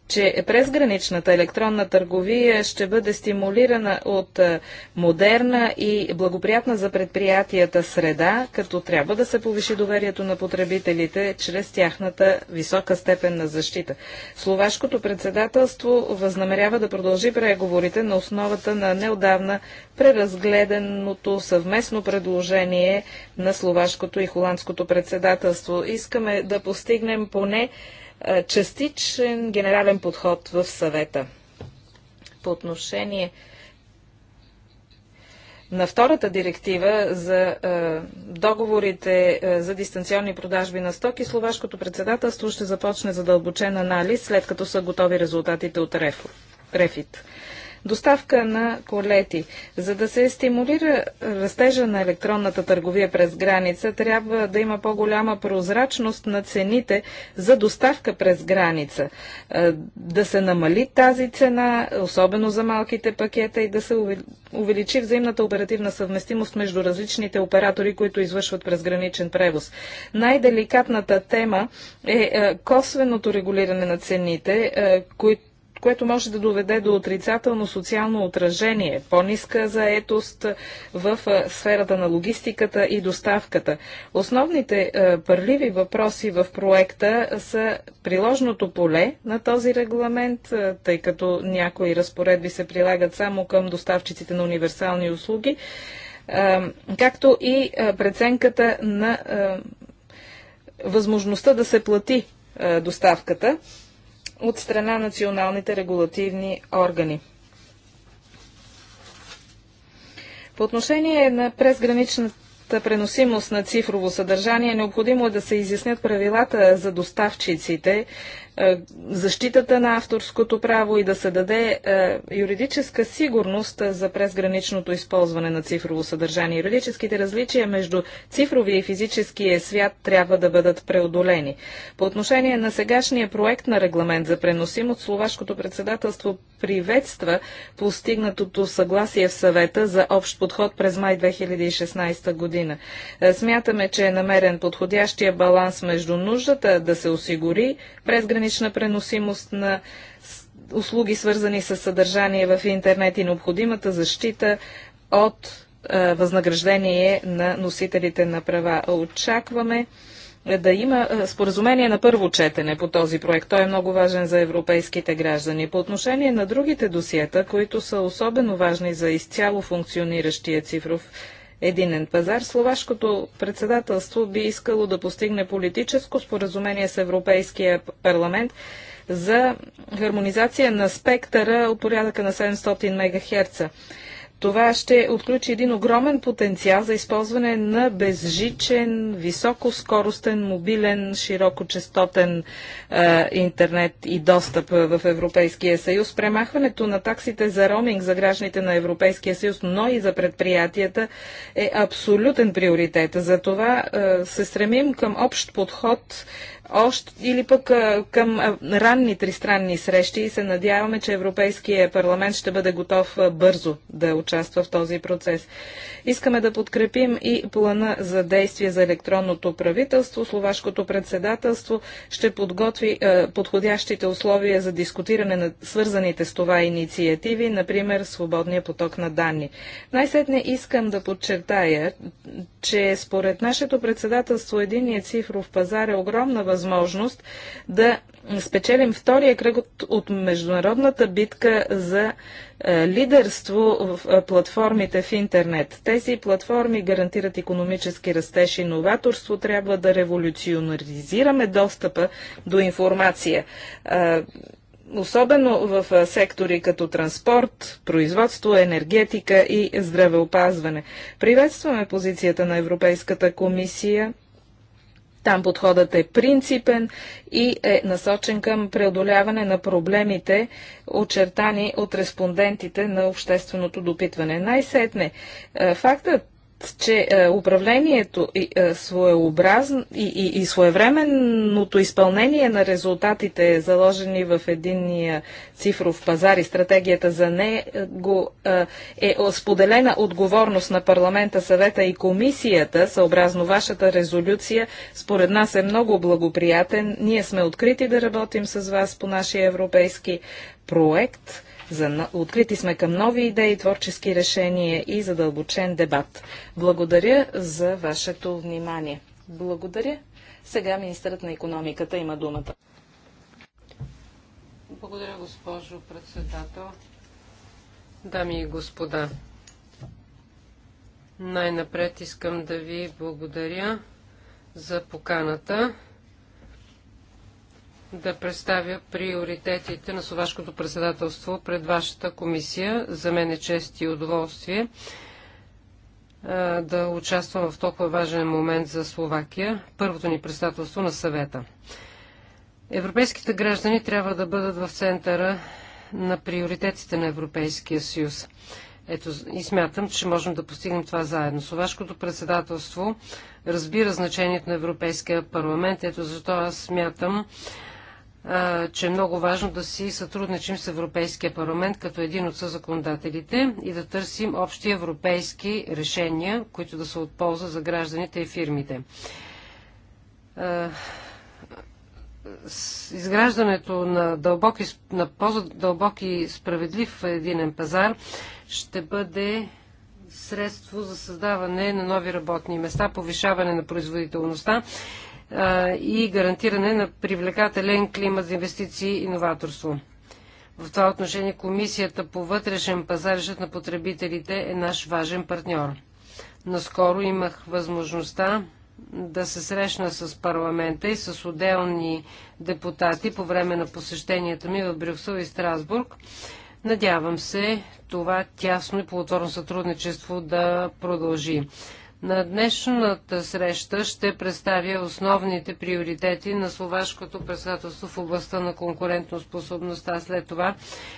че презграничната електронна търговия ще бъде стимулирана от е, модерна и благоприятна за предприятията среда, като трябва да се повиши доверието на потребителите чрез тяхната висока степен на защита. Словашкото председателство възнамерява да продължи преговорите на основата на неодавна преразгледаното съвместно предложение на словашкото и холандското председателство. Искаме да постигнем поне е, частичен генерален подход в съвета. По отношение на втората директива за е, договорите е, за дистанционни продажби на стоки, словашкото председателство ще започне задълбочен анализ, след като са готови резултатите от РЕФИТ доставка на колети. За да се стимулира растежа на електронната търговия през граница, трябва да има по-голяма прозрачност на цените за доставка през граница. Е, да се намали тази цена, особено за малките пакета и да се увеличи взаимната оперативна съвместимост между различните оператори, които извършват през граничен превоз. Най-деликатната тема е, е косвеното регулиране на цените, е, които което може да доведе до отрицателно социално отражение, по-ниска заетост в сферата на логистиката и доставката. Основните пърливи въпроси в проекта са приложното поле на този регламент, тъй като някои разпоредби се прилагат само към доставчиците на универсални услуги, както и преценката на възможността да се плати доставката от страна националните регулативни органи. По отношение на презграничната преносимост на цифрово съдържание, необходимо е да се изяснят правилата за доставчиците е, защитата на авторското право и да се даде е, юридическа сигурност за презграничното използване на цифрово съдържание. Юридическите различия между цифровия и физическия свят трябва да бъдат преодолени. По отношение на сегашния проект на регламент за преносимост, словашкото председателство приветства постигнатото съгласие в съвета за общ подход през май 2016 година. Е, смятаме, че е намерен подходящия баланс между нуждата да се осигури презграничното трансгранична преносимост на услуги, свързани с съдържание в интернет и необходимата защита от възнаграждение на носителите на права. Очакваме е, да има е, споразумение на първо четене по този проект. Той е много важен за европейските граждани. По отношение на другите досиета, които са особено важни за изцяло функциониращия цифров единен пазар, словашкото председателство би искало да постигне политическо споразумение с Европейския парламент за хармонизация на спектъра от порядъка на 700 МГц. Това ще отключи един огромен потенциал за използване на безжичен, високоскоростен, мобилен, широкочастотен е, интернет и достъп в Европейския съюз. Премахването на таксите за роминг за гражданите на Европейския съюз, но и за предприятията е абсолютен приоритет. За това е, се стремим към общ подход още, или пък към ранни тристранни срещи и се надяваме, че Европейския парламент ще бъде готов бързо да участва в този процес. Искаме да подкрепим и плана за действие за електронното правителство. Словашкото председателство ще подготви е, подходящите условия за дискутиране на свързаните с това инициативи, например свободния поток на данни. Най-сетне искам да подчертая, че според нашето председателство единният цифров пазар е огромна възможност да спечелим втория кръг от, от международната битка за е, лидерство в е, платформите в интернет. Тези платформи гарантират економически растеж и новаторство. Трябва да революционаризираме достъпа до информация. Е, особено в е, сектори като транспорт, производство, енергетика и здравеопазване. Приветстваме позицията на Европейската комисия там подходът е принципен и е насочен към преодоляване на проблемите, очертани от респондентите на общественото допитване. Най-сетне, е, фактът, че е, управлението и, е, своеобразно и, и, и своевременното изпълнение на резултатите, заложени в единния цифров пазар и стратегията за не е, го е, е споделена отговорност на парламента, съвета и комисията, съобразно вашата резолюция, според нас е много благоприятен. Ние сме открити да работим с вас по нашия европейски проект за, открити сме към нови идеи, творчески решения и задълбочен дебат. Благодаря за вашето внимание. Благодаря. Сега министърът на економиката има думата. Благодаря, госпожо председател. Дами и господа, най-напред искам да ви благодаря за поканата да представя приоритетите на Словашкото председателство пред вашата комисия. За мен е чест и удоволствие да участвам в толкова важен момент за Словакия, първото ни председателство на съвета. Европейските граждани трябва да бъдат в центъра на приоритетите на Европейския съюз. Ето, и смятам, че можем да постигнем това заедно. Словашкото председателство разбира значението на Европейския парламент. Ето защо аз смятам, че е много важно да си сътрудничим с Европейския парламент като един от съзаконодателите и да търсим общи европейски решения, които да са от полза за гражданите и фирмите. изграждането на, дълбоки, на по-дълбок и справедлив единен пазар ще бъде средство за създаване на нови работни места, повишаване на производителността и гарантиране на привлекателен климат за инвестиции и новаторство. В това отношение Комисията по вътрешен пазар на потребителите е наш важен партньор. Наскоро имах възможността да се срещна с парламента и с отделни депутати по време на посещенията ми в Брюксел и Страсбург. Надявам се това тясно и плодотворно сътрудничество да продължи. На днешната среща ще представя основните приоритети на словашкото председателство в областта на конкурентоспособността. След това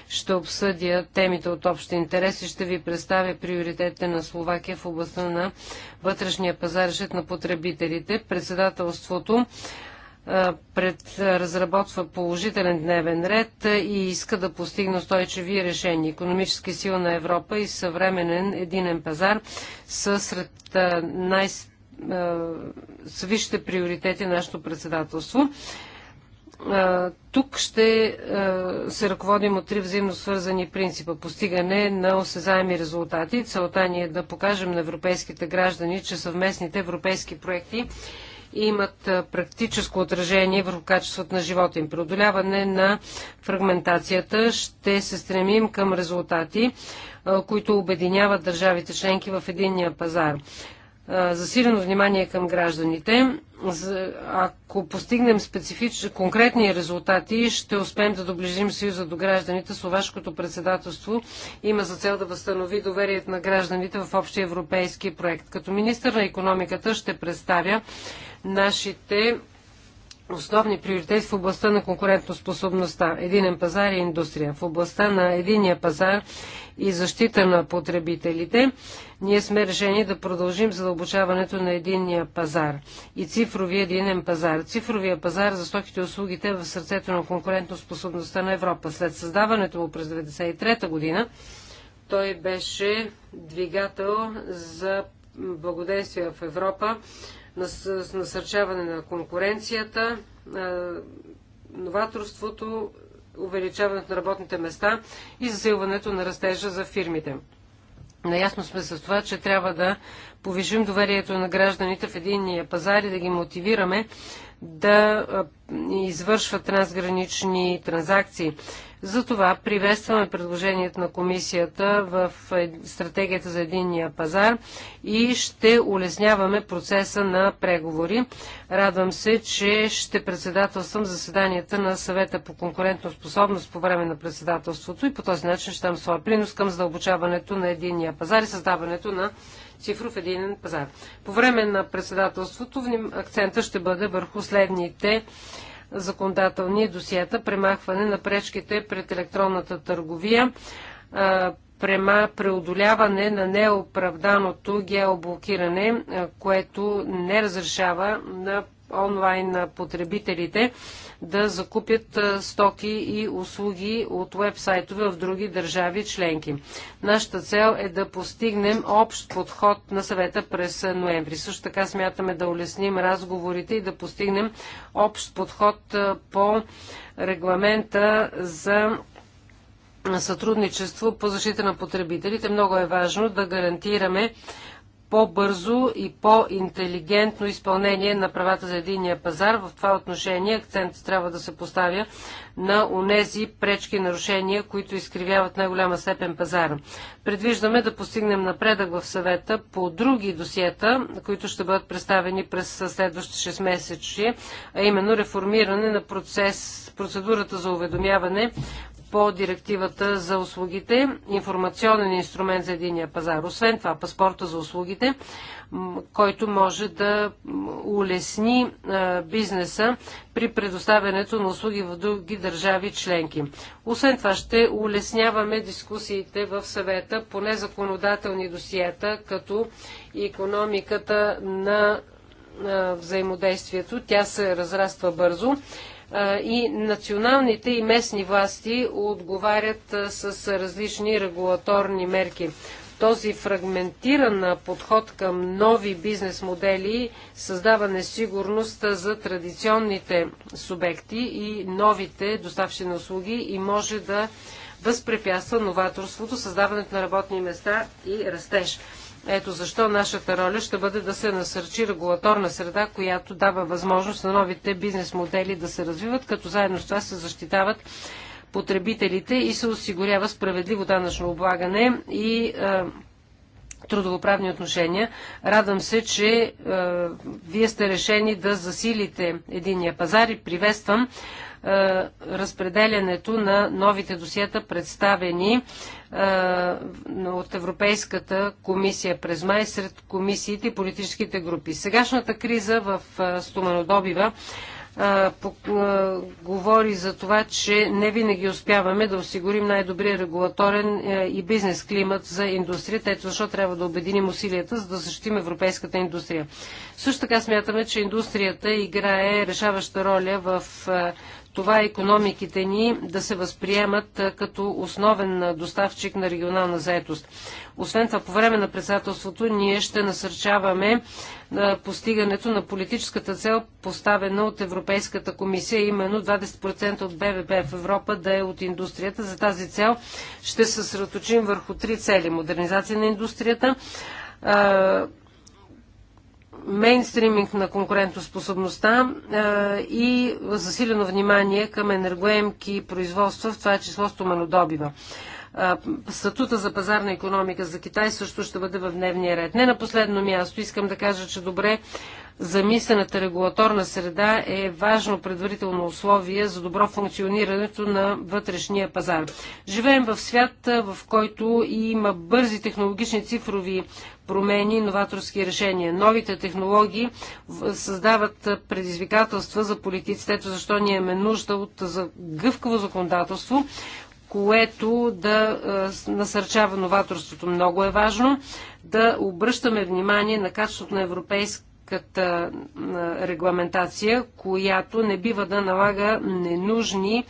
ще обсъдя темите от общи интерес и ще ви представя приоритетите на Словакия в областта на вътрешния пазар на потребителите. Председателството пред, разработва положителен дневен ред и иска да постигне устойчиви решения. Економически сила на Европа и съвременен единен пазар са сред най- с висшите приоритети на нашето председателство. Тук ще се ръководим от три взаимно свързани принципа. Постигане на осезаеми резултати. Целта ни е да покажем на европейските граждани, че съвместните европейски проекти имат практическо отражение върху качеството на живота им. Преодоляване на фрагментацията ще се стремим към резултати, които обединяват държавите членки в единния пазар. Засилено внимание към гражданите. Ако постигнем специфични, конкретни резултати, ще успеем да доближим Съюза до гражданите. Словашкото председателство има за цел да възстанови доверието на гражданите в общия европейски проект. Като министър на економиката ще представя нашите основни приоритети в областта на конкурентоспособността, единен пазар и индустрия. В областта на единия пазар и защита на потребителите, ние сме решени да продължим задълбочаването на единния пазар и цифровия единен пазар. Цифровия пазар за стоките и услугите е в сърцето на конкурентоспособността на Европа. След създаването му през 1993 година, той беше двигател за благодействие в Европа насърчаване на конкуренцията, новаторството, увеличаването на работните места и засилването на растежа за фирмите. Наясно сме с това, че трябва да повишим доверието на гражданите в единния пазар и да ги мотивираме да извършват трансгранични транзакции. Затова приветстваме предложението на комисията в стратегията за единния пазар и ще улесняваме процеса на преговори. Радвам се, че ще председателствам заседанията на съвета по конкурентоспособност по време на председателството и по този начин ще дам своя принос към задълбочаването на единния пазар и създаването на цифров единен пазар. По време на председателството акцента ще бъде върху следните законодателни досиета, премахване на пречките пред електронната търговия, према преодоляване на неоправданото геоблокиране, което не разрешава на онлайн потребителите да закупят стоки и услуги от вебсайтове в други държави членки. Нашата цел е да постигнем общ подход на съвета през ноември. Също така смятаме да улесним разговорите и да постигнем общ подход по регламента за сътрудничество по защита на потребителите. Много е важно да гарантираме по-бързо и по-интелигентно изпълнение на правата за единия пазар. В това отношение акцент трябва да се поставя на онези пречки нарушения, които изкривяват най-голяма степен пазара. Предвиждаме да постигнем напредък в съвета по други досиета, които ще бъдат представени през следващите 6 месечи, а именно реформиране на процес, процедурата за уведомяване по директивата за услугите, информационен инструмент за единия пазар. Освен това, паспорта за услугите, който може да улесни е, бизнеса при предоставянето на услуги в други държави членки. Освен това ще улесняваме дискусиите в съвета по незаконодателни досиета, като економиката на е, взаимодействието. Тя се разраства бързо е, и националните и местни власти отговарят с различни регулаторни мерки. Този фрагментиран подход към нови бизнес модели създава несигурност за традиционните субекти и новите доставчи на услуги и може да възпрепятства новаторството, създаването на работни места и растеж. Ето защо нашата роля ще бъде да се насърчи регулаторна среда, която дава възможност на новите бизнес модели да се развиват, като заедно с това се защитават потребителите и се осигурява справедливо данъчно облагане и е, трудовоправни отношения. Радвам се, че е, вие сте решени да засилите единия пазар и приветствам разпределянето на новите досиета, представени от Европейската комисия през май сред комисиите и политическите групи. Сегашната криза в стоманодобива а, по, а, говори за това, че не винаги успяваме да осигурим най-добрия регулаторен а, е, и бизнес климат за индустрията. Ето защо трябва да обединим усилията, за да защитим европейската индустрия. Също така смятаме, че индустрията играе решаваща роля в а, е, това е економиките ни да се възприемат като основен доставчик на регионална заетост. Освен това, по време на председателството ние ще насърчаваме постигането на политическата цел, поставена от Европейската комисия, именно 20% от БВП в Европа да е от индустрията. За тази цел ще се съсредоточим върху три цели. Модернизация на индустрията, мейнстриминг на конкурентоспособността и засилено внимание към енергоемки производства, в това е число стоманодобива. Статута за пазарна економика за Китай също ще бъде в дневния ред. Не на последно място искам да кажа, че добре замислената регулаторна среда е важно предварително условие за добро функционирането на вътрешния пазар. Живеем в свят, в който има бързи технологични цифрови промени, новаторски решения. Новите технологии създават предизвикателства за политиците. Ето защо ние имаме нужда от гъвкаво законодателство, което да е, насърчава новаторството. Много е важно да обръщаме внимание на качеството на европейската е, регламентация, която не бива да налага ненужни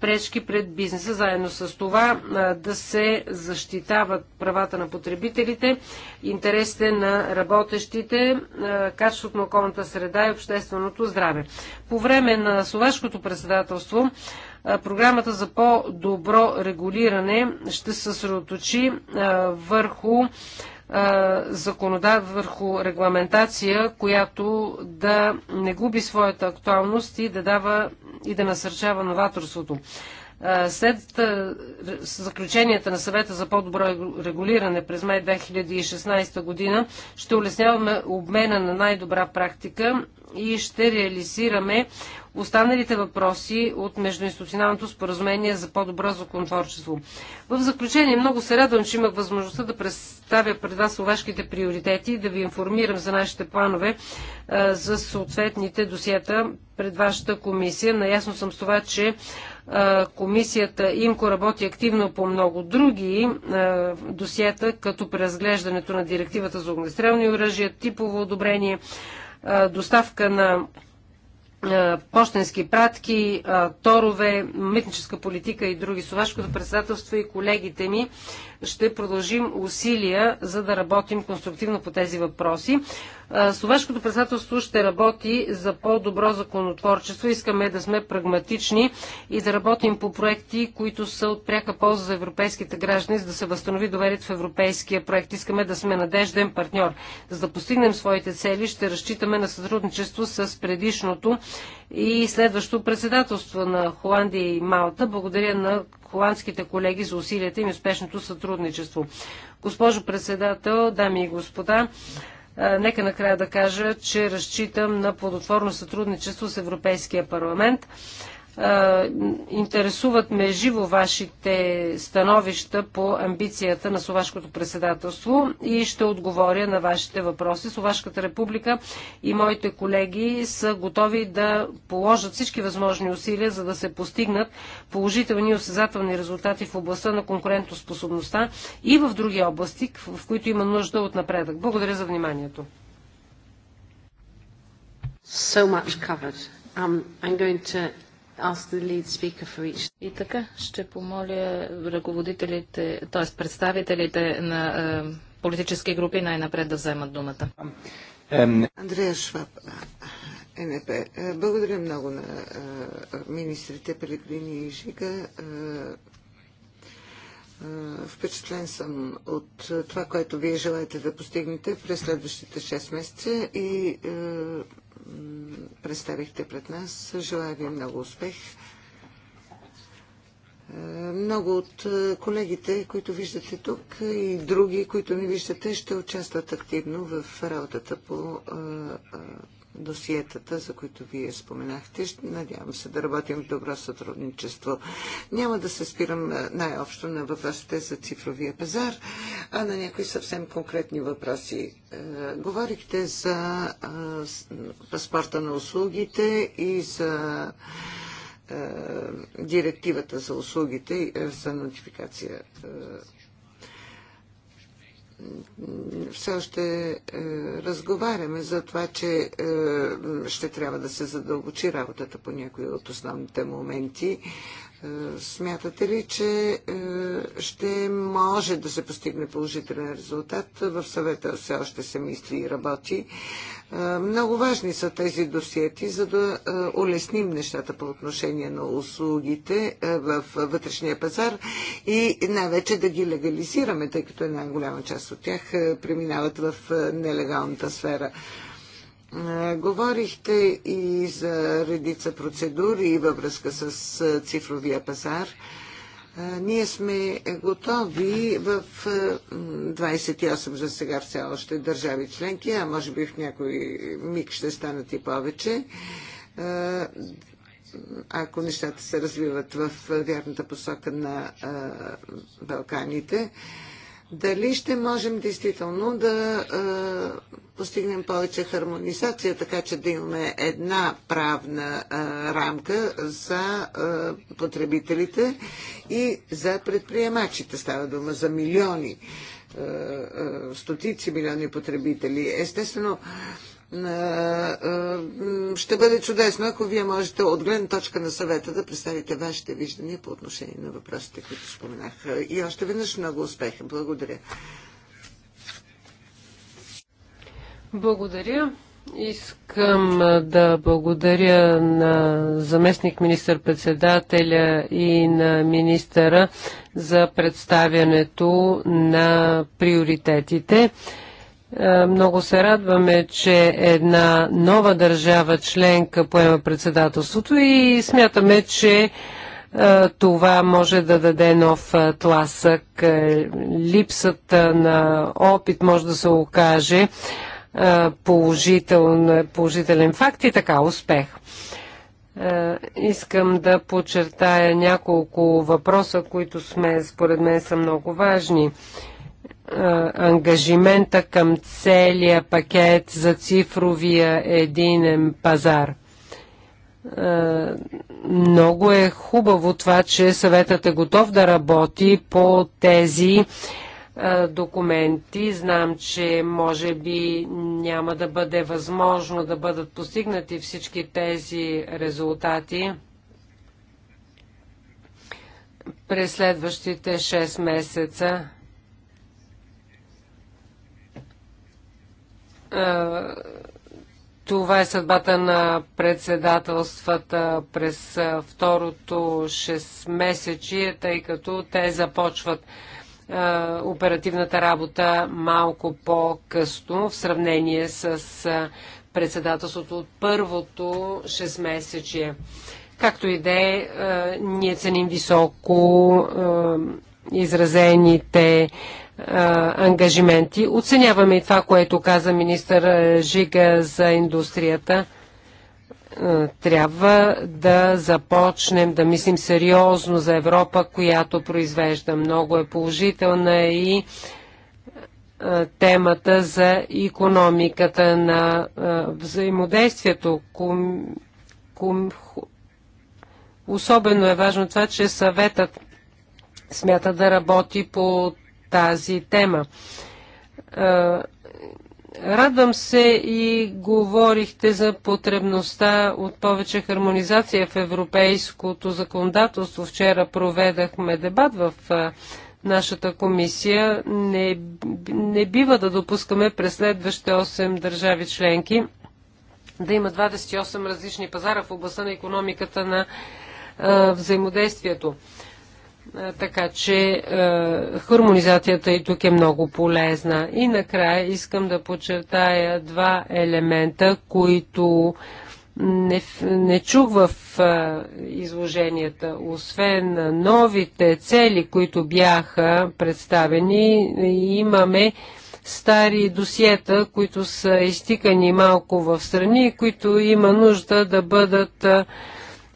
пречки пред бизнеса. Заедно с това да се защитават правата на потребителите, интересите на работещите, качеството на околната среда и общественото здраве. По време на словашкото председателство програмата за по-добро регулиране ще се съсредоточи върху законодат върху регламентация, която да не губи своята актуалност и да дава и да насърчава новаторството. След заключенията на съвета за по-добро регулиране през май 2016 година ще улесняваме обмена на най-добра практика и ще реализираме останалите въпроси от Междуинституционалното споразумение за по-добро законотворчество. В заключение, много се радвам, че имах възможността да представя пред вас словашките приоритети и да ви информирам за нашите планове за съответните досиета пред вашата комисия. Наясно съм с това, че комисията ИМКО работи активно по много други досиета, като преразглеждането на директивата за огнестрелни оръжия, типово одобрение, доставка на почтенски пратки, торове, митническа политика и други. Словашкото председателство и колегите ми ще продължим усилия, за да работим конструктивно по тези въпроси. Словашкото председателство ще работи за по-добро законотворчество. Искаме да сме прагматични и да работим по проекти, които са от пряка полза за европейските граждани, за да се възстанови доверието в европейския проект. Искаме да сме надежден партньор. За да постигнем своите цели, ще разчитаме на сътрудничество с предишното и следващо председателство на Холандия и Малта. Благодаря на холандските колеги за усилията им и успешното сътрудничество. Госпожо председател, дами и господа, нека накрая да кажа, че разчитам на плодотворно сътрудничество с Европейския парламент. Интересуват ме живо вашите становища по амбицията на Словашкото председателство и ще отговоря на вашите въпроси. Словашката република и моите колеги са готови да положат всички възможни усилия, за да се постигнат положителни и осезателни резултати в областта на конкурентоспособността и в други области, в които има нужда от напредък. Благодаря за вниманието. So much covered. Um, I'm going to и така ще помоля ръководителите, т.е. представителите на е, политически групи най-напред да вземат думата. Андрея Шваб, НП. Е, благодаря много на е, министрите Пелегрини и Жига. Е, впечатлен съм от това, което вие желаете да постигнете през следващите 6 месеца и представихте пред нас. Желая ви много успех. Е, много от е, колегите, които виждате тук и други, които не виждате, ще участват активно в работата по е, досиетата, за които вие споменахте. Надявам се да работим в добро сътрудничество. Няма да се спирам най-общо на въпросите за цифровия пазар а на някои съвсем конкретни въпроси. Е, говорихте за е, паспорта на услугите и за е, директивата за услугите и за нотификация. Все още разговаряме за това, че ще трябва да се задълбочи работата по някои от основните моменти е, смятате ли, че е, ще може да се постигне положителен резултат? В съвета все още се мисли и работи. Е, много важни са тези досиети, за да улесним нещата по отношение на услугите в вътрешния пазар и най-вече да ги легализираме, тъй като една голяма част от тях преминават в нелегалната сфера. Говорихте и за редица процедури във връзка с цифровия пазар. Ние сме готови в 28 за сега все още държави членки, а може би в някой миг ще станат и повече, ако нещата се развиват в вярната посока на Балканите дали ще можем действително да е, постигнем повече хармонизация, така че да имаме една правна е, рамка за е, потребителите и за предприемачите. Става дума за милиони, е, е, стотици милиони потребители. Естествено, е, е, е, ще бъде чудесно, ако вие можете от гледна точка на съвета да представите вашите виждания по отношение на въпросите, които споменах. И още веднъж много успеха. Благодаря. Благодаря. Искам да благодаря на заместник министър-председателя и на министъра за представянето на приоритетите. Е, много се радваме, че една нова държава членка поема председателството и смятаме, че е, това може да даде нов е, тласък. Липсата на опит може да се окаже положителен, положителен факт и така успех. Искам да подчертая няколко въпроса, които сме, според мен са много важни. Е, ангажимента към целия пакет за цифровия единен пазар. Е, много е хубаво това, че съветът е готов да работи по тези е, документи. Знам, че може би няма да бъде възможно да бъдат постигнати всички тези резултати през следващите 6 месеца Е, това е съдбата на председателствата през е, второто 6 месечие, тъй като те започват е, оперативната работа малко по-късно в сравнение с председателството от първото 6 месечие. Както и да е, ние ценим високо изразените а, ангажименти. Оценяваме и това, което каза министър Жига за индустрията. Трябва да започнем да мислим сериозно за Европа, която произвежда. Много е положителна и темата за економиката на взаимодействието. особено е важно това, че съветът смята да работи по тази тема. Радвам се и говорихте за потребността от повече хармонизация в европейското законодателство. Вчера проведахме дебат в нашата комисия. Не, не бива да допускаме през следващите 8 държави членки да има 28 различни пазара в областта на економиката на а, взаимодействието. Така че е, хармонизацията и тук е много полезна. И накрая искам да подчертая два елемента, които не, не чух в е, изложенията, освен новите цели, които бяха представени, имаме стари досиета, които са изтикани малко в страни, които има нужда да бъдат Е,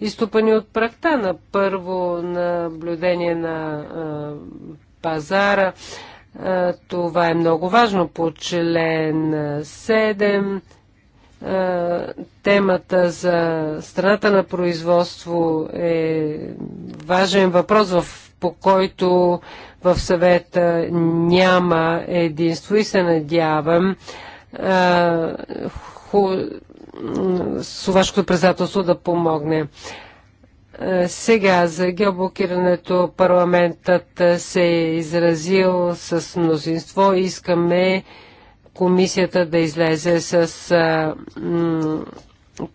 изтопани от прахта на първо наблюдение на пазара. Това е много важно по член 7 темата за страната на производство е важен въпрос, в, по който в съвета няма единство и се надявам а, ху, словашкото председателство да помогне. Е, сега за геоблокирането парламентът се е изразил с мнозинство. Искаме комисията да излезе с а, е, м,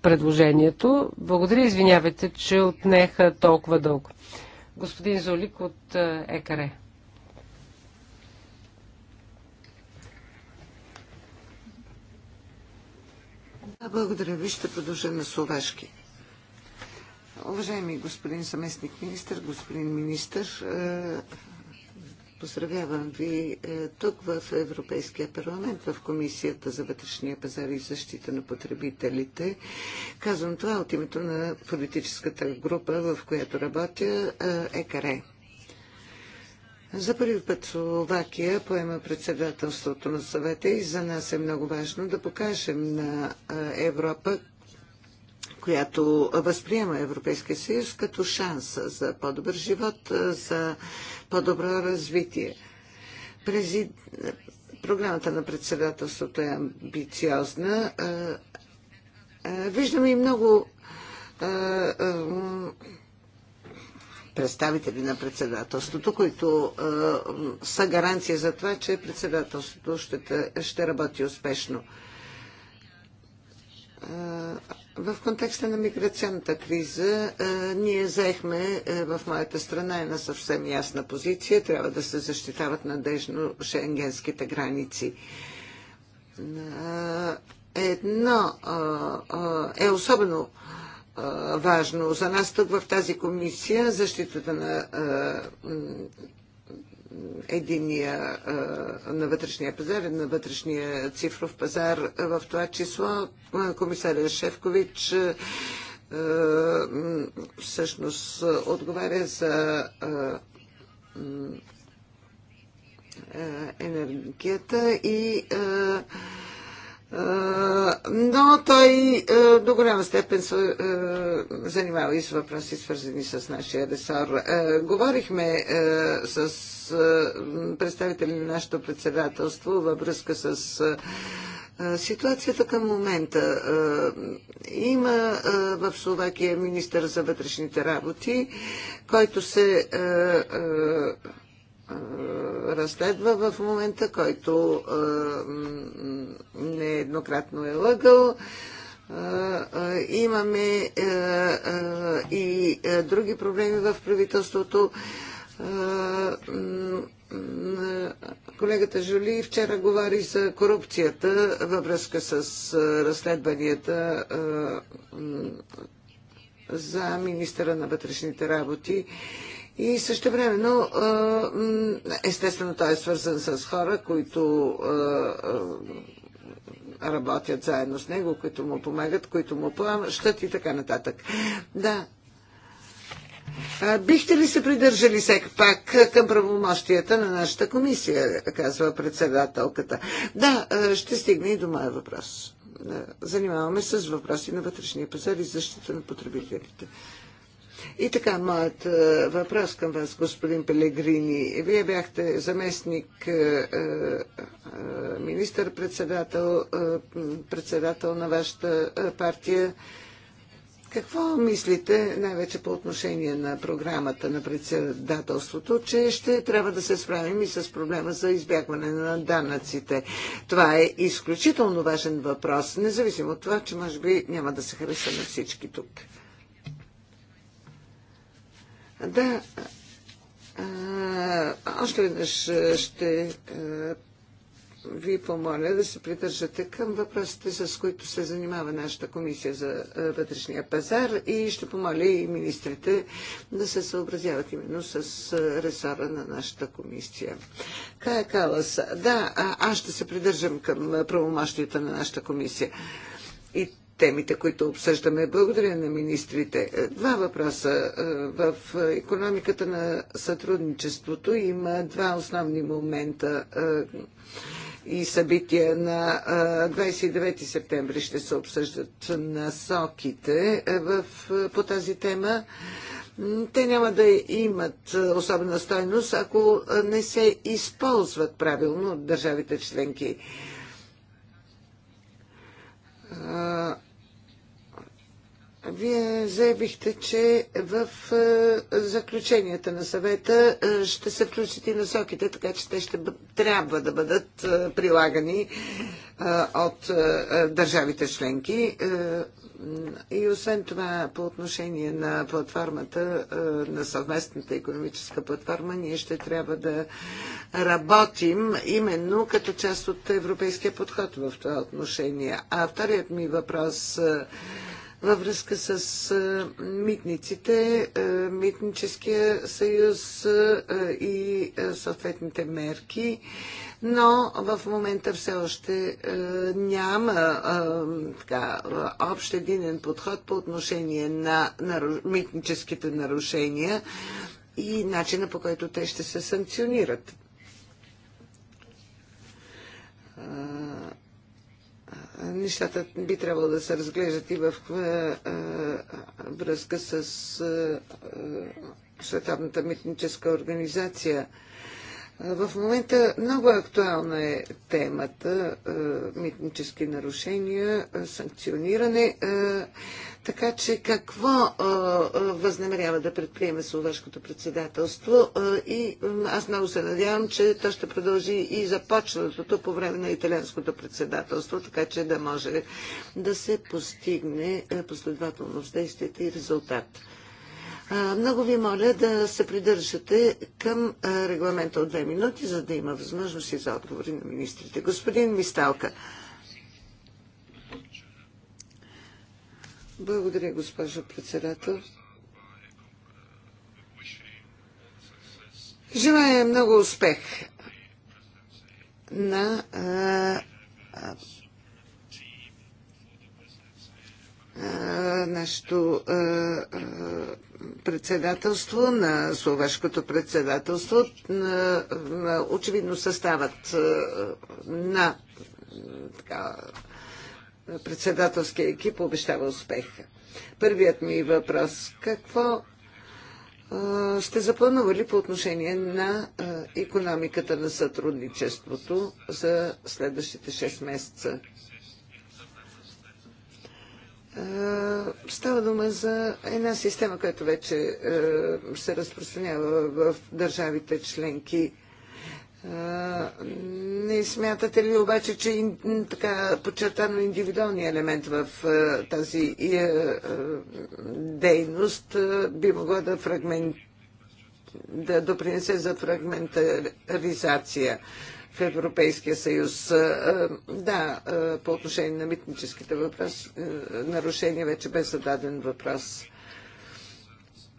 предложението. Благодаря, извинявайте, че отнеха толкова дълго. Господин Золик от е, ЕКАРЕ. Благодаря ви. Ще продължа на словашки. Уважаеми господин съместник министр, господин министр, е, поздравявам ви е, тук в Европейския парламент, в Комисията за вътрешния пазар и защита на потребителите. Казвам това от името на политическата група, в която работя, е, ЕКАРЕ. За първи път Словакия поема председателството на съвета и за нас е много важно да покажем на Европа, която възприема Европейския съюз като шанс за по-добър живот, за по-добро развитие. Прези... Програмата на председателството е амбициозна. Виждаме и много представители на председателството, които а, са гаранция за това, че председателството ще, ще работи успешно. В контекста на миграционната криза ние заехме в моята страна една съвсем ясна позиция. Трябва да се защитават надежно шенгенските граници. Едно е особено важно за нас тук в тази комисия защитата на единия на вътрешния пазар, и на вътрешния цифров пазар. В това число комисаря Шевкович всъщност отговаря за енергията и енергията е, но той е, до голяма степен се е, занимава и с въпроси, свързани с нашия ресор. Говорихме с представители на нашето председателство във връзка с ситуацията към момента. Има в Словакия министър за вътрешните работи, който се разследва в момента, който нееднократно е лъгал. Имаме и други проблеми в правителството. Колегата Жули вчера говори за корупцията във връзка с разследванията за министра на вътрешните работи. И също време, но естествено той е свързан с хора, които работят заедно с него, които му помагат, които му плащат и така нататък. Да. бихте ли се придържали сек пак към правомощията на нашата комисия, казва председателката. Да, ще стигне и до моя въпрос. Занимаваме се с въпроси на вътрешния пазар и защита на потребителите. И така, моят е, въпрос към вас, господин Пелегрини. Вие бяхте заместник е, е, министър-председател, председател на вашата партия. Какво мислите, най-вече по отношение на програмата на председателството, че ще трябва да се справим и с проблема за избягване на данъците? Това е изключително важен въпрос, независимо от това, че може би няма да се хареса на всички тук. Да, още веднъж ще ви помоля да се придържате към въпросите, с които се занимава нашата комисия за вътрешния пазар и ще помоля и министрите да се съобразяват именно с ресора на нашата комисия. Кая Калас, да, аз ще се придържам към правомощията на нашата комисия. И темите, които обсъждаме. Благодаря на министрите. Е, два въпроса. Е, в економиката на сътрудничеството има два основни момента е, и събития на 29 септември ще се обсъждат насоките в, по тази тема. Те няма да имат особена стойност, ако не се използват правилно от държавите членки вие заявихте, че в е, заключенията на съвета е, ще се включат и насоките, така че те ще трябва да бъдат е, прилагани от държавите членки. И освен това, по отношение на платформата, на съвместната економическа платформа, ние ще трябва да работим именно като част от европейския подход в това отношение. А вторият ми въпрос е във връзка с митниците, митническия съюз и съответните мерки, но в момента все още няма така, общ единен подход по отношение на митническите нарушения и начина по който те ще се санкционират нещата би трябвало да се разглеждат и в е, е, връзка с е, Световната митническа организация. В момента много актуална е темата митнически нарушения, санкциониране. Така че какво възнамерява да предприеме словашкото председателство и аз много се надявам, че то ще продължи и започнатото по време на италианското председателство, така че да може да се постигне последователно в действията и резултат. Много ви моля да се придържате към регламента от две минути, за да има възможност и за отговори на министрите. Господин Мисталка. Благодаря, госпожо председател. Желая много успех на нашето председателство, на словашкото председателство. А, очевидно съставът а, на така, председателския екип обещава успех. Първият ми въпрос. Какво сте запланували по отношение на економиката на сътрудничеството за следващите 6 месеца? Става дума за една система, която вече се разпространява в държавите членки не смятате ли обаче, че така подчертано индивидуалния елемент в тази дейност би могла да фрагмент да допринесе за фрагментаризация в Европейския съюз. Да, по отношение на митническите въпроси, нарушения вече бе зададен въпрос.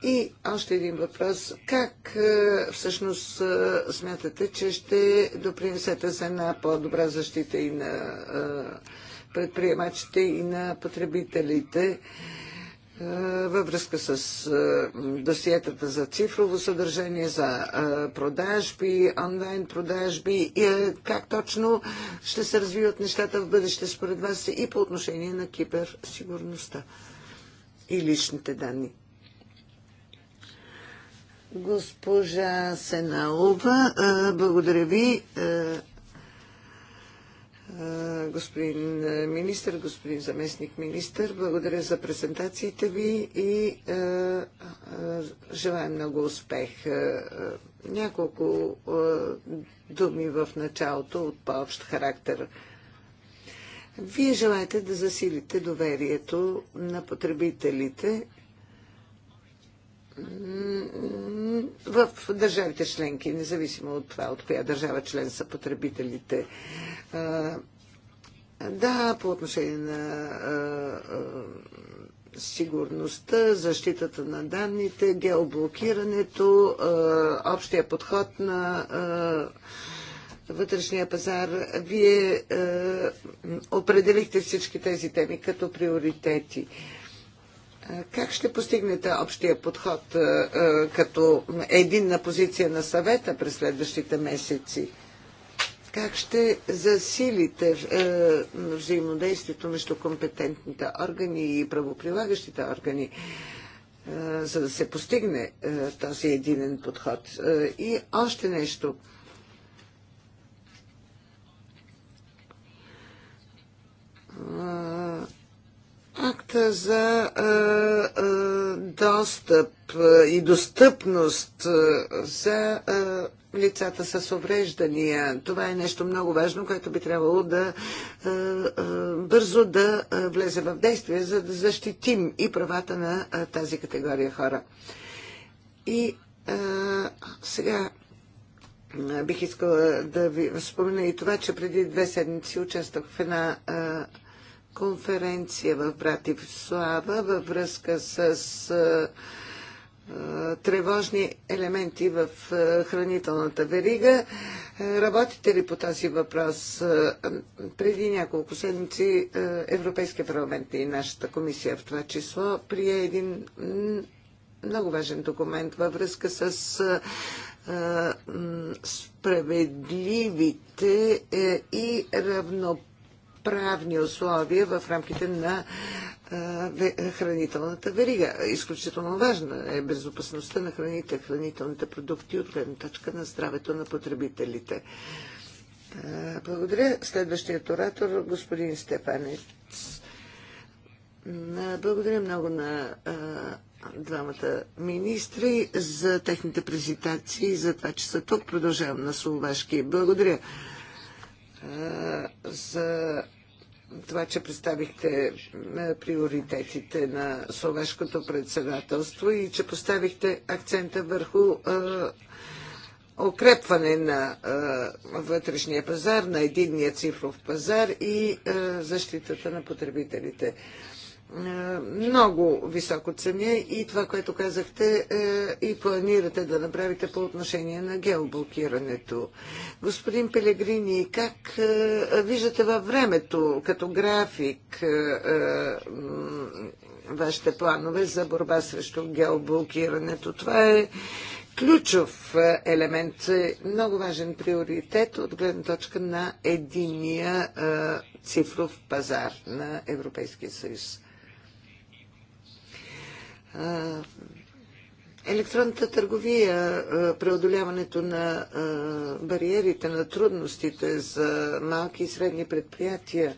И още един въпрос. Как е, всъщност е, смятате, че ще допринесете за една по-добра защита и на е, предприемачите и на потребителите във връзка с досиетата за цифрово съдържание, за продажби, онлайн продажби и как точно ще се развиват нещата в бъдеще според вас и по отношение на киберсигурността и личните данни. Госпожа Сеналова, благодаря ви. Господин министр, господин заместник министр, благодаря за презентациите ви и желая много успех. Няколко думи в началото от по-общ характер. Вие желаете да засилите доверието на потребителите в държавите членки, независимо от това, от коя държава член са потребителите. Да, по отношение на сигурността, защитата на данните, геоблокирането, общия подход на вътрешния пазар. Вие определихте всички тези теми като приоритети. Как ще постигнете общия подход е, е, като единна позиция на съвета през следващите месеци? Как ще засилите е, взаимодействието между компетентните органи и правоприлагащите органи, за да се постигне този единен подход? И още нещо акта за а, а, достъп и достъпност за а, лицата с увреждания. Това е нещо много важно, което би трябвало да бързо да влезе в действие, за да защитим и правата на тази категория хора. И сега бих искала да ви спомена и това, че преди две седмици участвах в една а, конференция в Братислава във връзка с тревожни елементи в хранителната верига. Работите ли по този въпрос? Преди няколко седмици Европейския парламент и нашата комисия в това число прие един много важен документ във връзка с справедливите е, и равноправните правни условия в рамките на хранителната верига. Изключително важна е безопасността на храните, хранителните продукти от гледна точка на здравето на потребителите. Благодаря. Следващият оратор, господин Степанец. Благодаря много на двамата министри за техните презентации за това, че са тук. Продължавам на словашки. Благодаря за това, че представихте е, приоритетите на словешкото председателство и че поставихте акцента върху е, укрепване на е, вътрешния пазар, на единния цифров пазар и защитата на потребителите. Е, много високо ценя и това, което казахте е, и планирате да направите по отношение на геоблокирането. Господин Пелегрини, как е, виждате във времето като график вашите планове за борба срещу геоблокирането? Това е ключов елемент, много важен приоритет от гледна точка на единия цифров пазар на Европейския съюз електронната търговия, преодоляването на бариерите, на трудностите за малки и средни предприятия,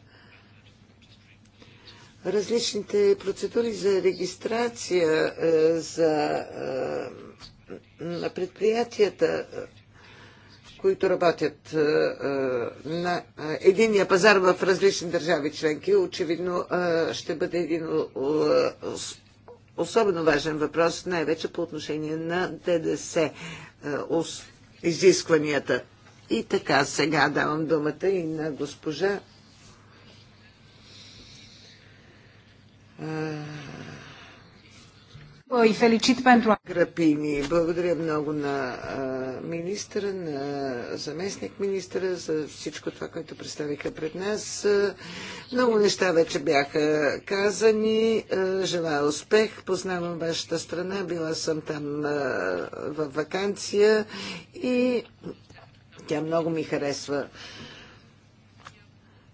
различните процедури за регистрация за предприятията, които работят на единия пазар в различни държави членки, очевидно ще бъде един особено важен въпрос, най-вече по отношение на ДДС е, изискванията. И така, сега давам думата и на госпожа е, и феличит пентру. Грапини, благодаря много на министра, на заместник министра за всичко това, което представиха пред нас. Много неща вече бяха казани. Желая успех. Познавам вашата страна. Била съм там във вакансия и тя много ми харесва.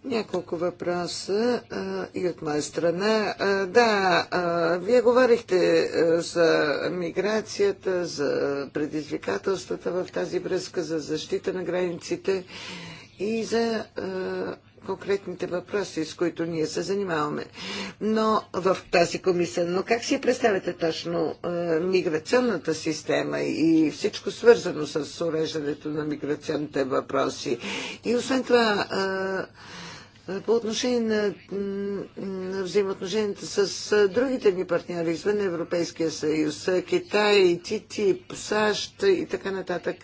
Няколко въпроса а, и от моя страна. А, да, а, вие говорихте а, за миграцията, за предизвикателствата в тази връзка, за защита на границите и за а, конкретните въпроси, с които ние се занимаваме. Но в тази комисия, но как си представяте точно а, миграционната система и всичко свързано с уреждането на миграционните въпроси? И освен това, А, по отношение на, на взаимоотношенията с другите ни партньори извън Европейския съюз, Китай, ТТИП, САЩ и така нататък,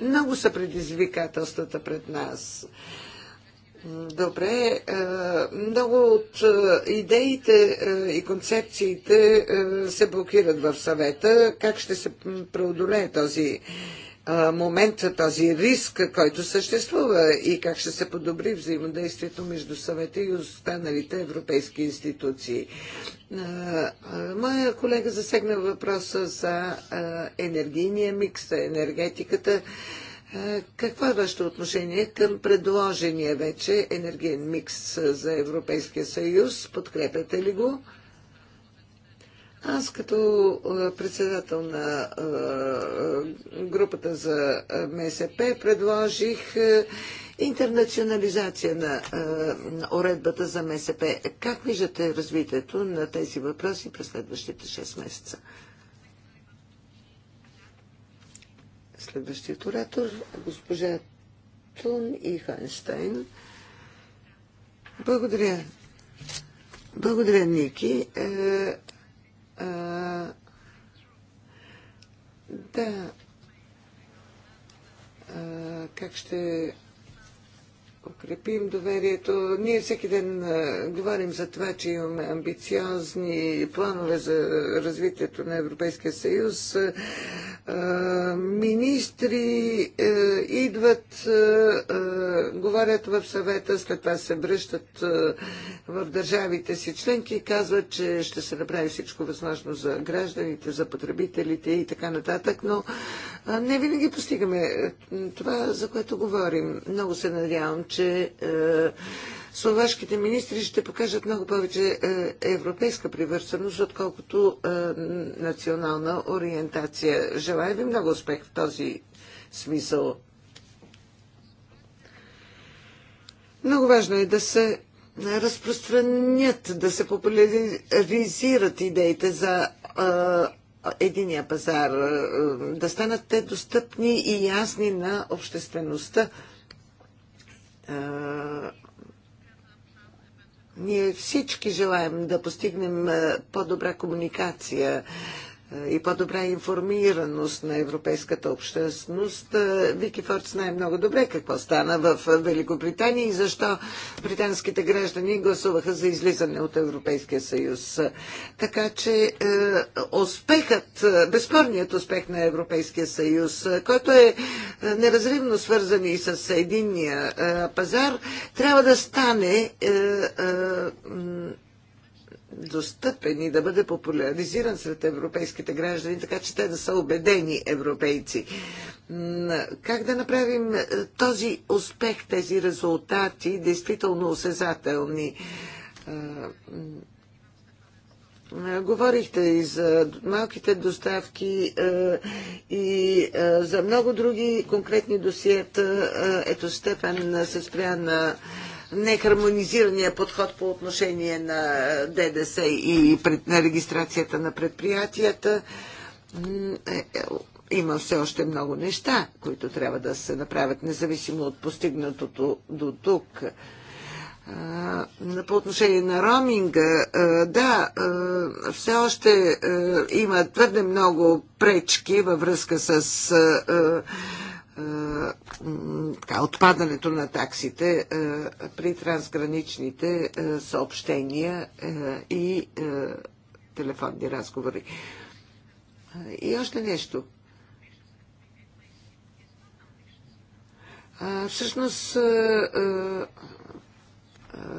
много са предизвикателствата пред нас. Добре, е, много от е, идеите е, и концепциите се блокират в съвета. Как ще се преодолее този момент този риск, който съществува и как ще се подобри взаимодействието между съвета и останалите европейски институции. Моя колега засегна въпроса за енергийния микс, за енергетиката. Какво е вашето отношение към предложения вече енергиен микс за Европейския съюз? Подкрепяте ли го? Аз като председател на групата за МСП предложих интернационализация на уредбата за МСП. Как виждате развитието на тези въпроси през следващите 6 месеца? Следващият оратор госпожа Тун и Хайнштейн. Благодаря. Благодаря, Ники. Е, да. как ще укрепим доверието. Ние всеки ден а, говорим за това, че имаме амбициозни планове за развитието на Европейския съюз. а, министри е, идват, е, е, говорят в съвета, след това се връщат е, в държавите си членки и казват, че ще се направи всичко възможно за гражданите, за потребителите и така нататък, но е, не винаги постигаме е, това, за което говорим. Много се надявам, че е, словашките министри ще покажат много повече е, европейска привързаност, отколкото е, национална ориентация. Желая ви много успех в този смисъл. Много важно е да се разпространят, да се популяризират идеите за е, единия пазар, да станат те достъпни и ясни на обществеността ние всички желаем да постигнем по-добра комуникация и по-добра информираност на европейската общественост. Е, Вики Форд знае много добре какво стана в Великобритания и защо британските граждани гласуваха за излизане от Европейския съюз. Така че е, успехът, безспорният успех на Европейския съюз, който е, е неразривно свързан и с единния пазар, трябва да стане достъпен и да бъде популяризиран сред европейските граждани, така че те да са убедени европейци. Как да направим е, този успех, тези резултати действително осезателни? Е, е, говорихте и за малките доставки и за много други конкретни досиета. Ето Степан се спря на нехармонизирания подход по отношение на ДДС и пред, на регистрацията на предприятията. Е, е, има все още много неща, които трябва да се направят, независимо от постигнатото до тук. По отношение на роминга, да, все още има твърде много пречки във връзка с е, така, отпадането на таксите е, при трансграничните е, съобщения и телефонни разговори. И още нещо. Всъщност,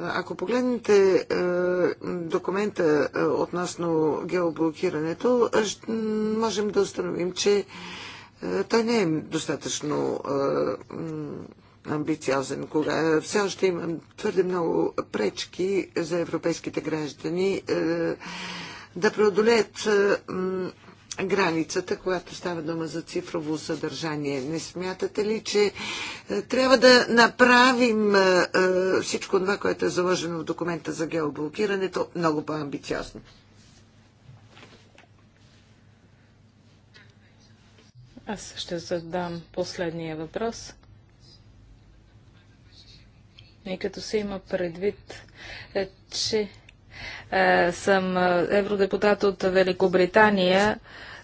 ако погледнете документа относно геоблокирането, можем да установим, че е, той не е достатъчно е, амбициозен, кога все още има твърде много пречки за европейските граждани е, да преодолеят границата, когато става дума за цифрово съдържание. Не смятате ли, че трябва да направим всичко това, което е заложено в документа за геоблокирането, много по-амбициозно? Аз ще задам последния въпрос. И като се има предвид, е, че е, съм е, евродепутат от Великобритания,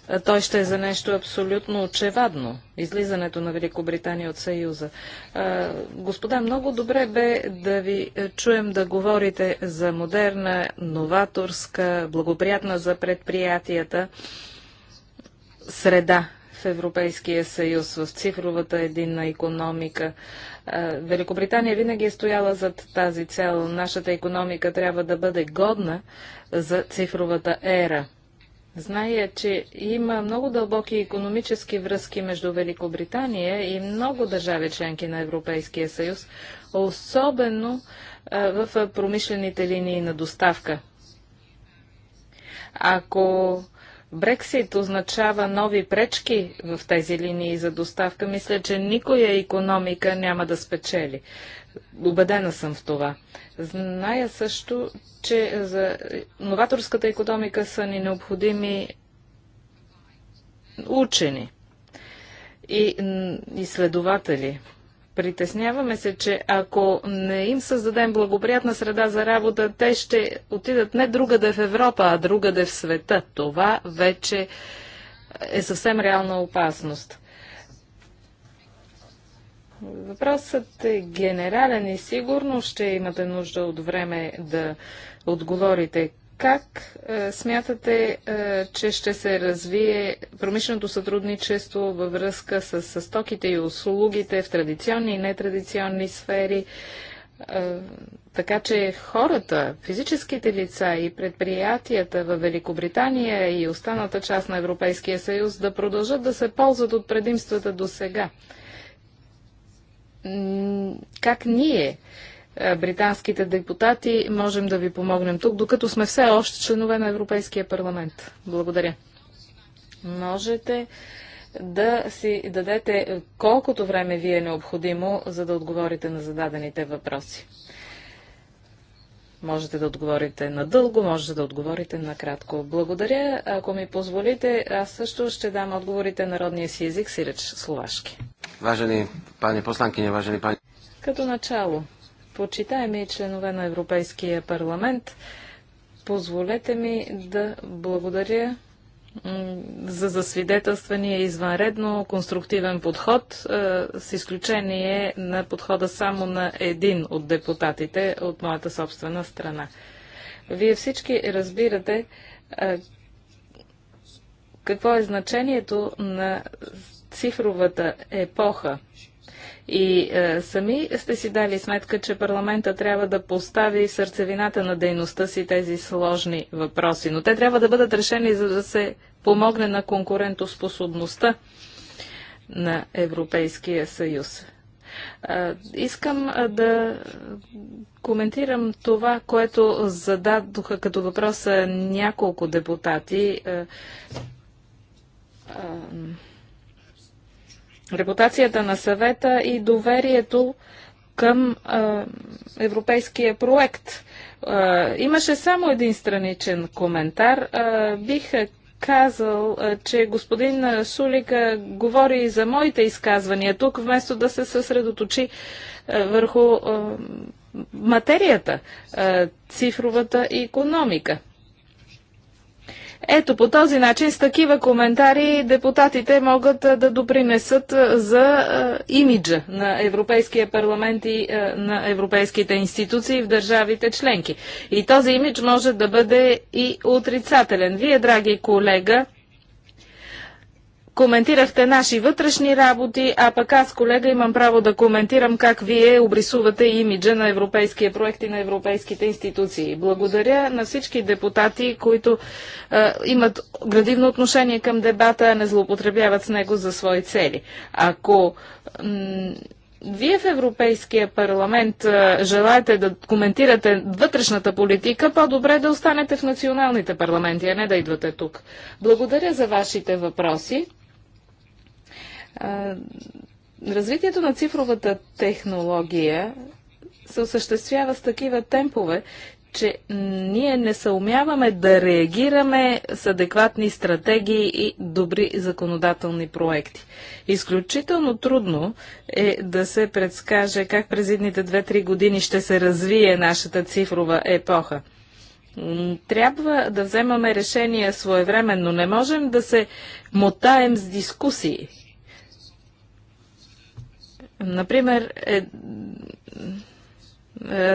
е, той ще е за нещо абсолютно очевадно – излизането на Великобритания от Съюза. Е, господа, много добре бе да ви чуем да говорите за модерна, новаторска, благоприятна за предприятията среда в Европейския съюз, в цифровата единна економика. Великобритания винаги е стояла зад тази цел. Нашата економика трябва да бъде годна за цифровата ера. Зная, че има много дълбоки економически връзки между Великобритания и много държави членки на Европейския съюз, особено в промишлените линии на доставка. Ако Брексит означава нови пречки в тези линии за доставка. Мисля, че никоя економика няма да спечели. Убедена съм в това. Зная също, че за новаторската економика са ни необходими учени и изследователи. Притесняваме се, че ако не им създадем благоприятна среда за работа, те ще отидат не другаде в Европа, а другаде в света. Това вече е съвсем реална опасност. Въпросът е генерален и сигурно ще имате нужда от време да отговорите как е, смятате, е, че ще се развие промишленото сътрудничество във връзка с, с стоките и услугите в традиционни и нетрадиционни сфери? Е, така че хората, физическите лица и предприятията в Великобритания и останата част на Европейския съюз да продължат да се ползват от предимствата до сега. Как ние е, британските депутати, можем да ви помогнем тук, докато сме все още членове на Европейския парламент. Благодаря. Можете да си дадете колкото време ви е необходимо, за да отговорите на зададените въпроси. Можете да отговорите на дълго, можете да отговорите на кратко. Благодаря. Ако ми позволите, аз също ще дам отговорите на родния си език, сиреч словашки. Важени пани посланкиня, важени пани. Като начало, почитаеми членове на Европейския парламент, позволете ми да благодаря за засвидетелствания извънредно конструктивен подход, е, с изключение на подхода само на един от депутатите от моята собствена страна. Вие всички разбирате е, какво е значението на цифровата епоха и е, сами сте си дали сметка, че парламента трябва да постави сърцевината на дейността си тези сложни въпроси. Но те трябва да бъдат решени, за да се помогне на конкурентоспособността на Европейския съюз. Е, искам е, да коментирам това, което зададоха като въпроса е, няколко депутати репутацията на съвета и доверието към а, европейския проект. А, имаше само един страничен коментар. А, бих казал, че господин Сулик говори за моите изказвания тук, вместо да се съсредоточи върху материята, цифровата економика. Ето по този начин с такива коментари депутатите могат да допринесат за имиджа на Европейския парламент и на европейските институции в държавите членки. И този имидж може да бъде и отрицателен. Вие, драги колега, коментирахте наши вътрешни работи, а пък аз, колега, имам право да коментирам как вие обрисувате имиджа на европейския проект и на европейските институции. Благодаря на всички депутати, които е, имат градивно отношение към дебата, а не злоупотребяват с него за свои цели. Ако вие в Европейския парламент желаете да коментирате вътрешната политика, по-добре да останете в националните парламенти, а не да идвате тук. Благодаря за вашите въпроси. Развитието на цифровата технология се осъществява с такива темпове, че ние не съумяваме да реагираме с адекватни стратегии и добри законодателни проекти. Изключително трудно е да се предскаже как през едните 2-3 години ще се развие нашата цифрова епоха. Трябва да вземаме решения своевременно. Не можем да се мотаем с дискусии. Например, е, е,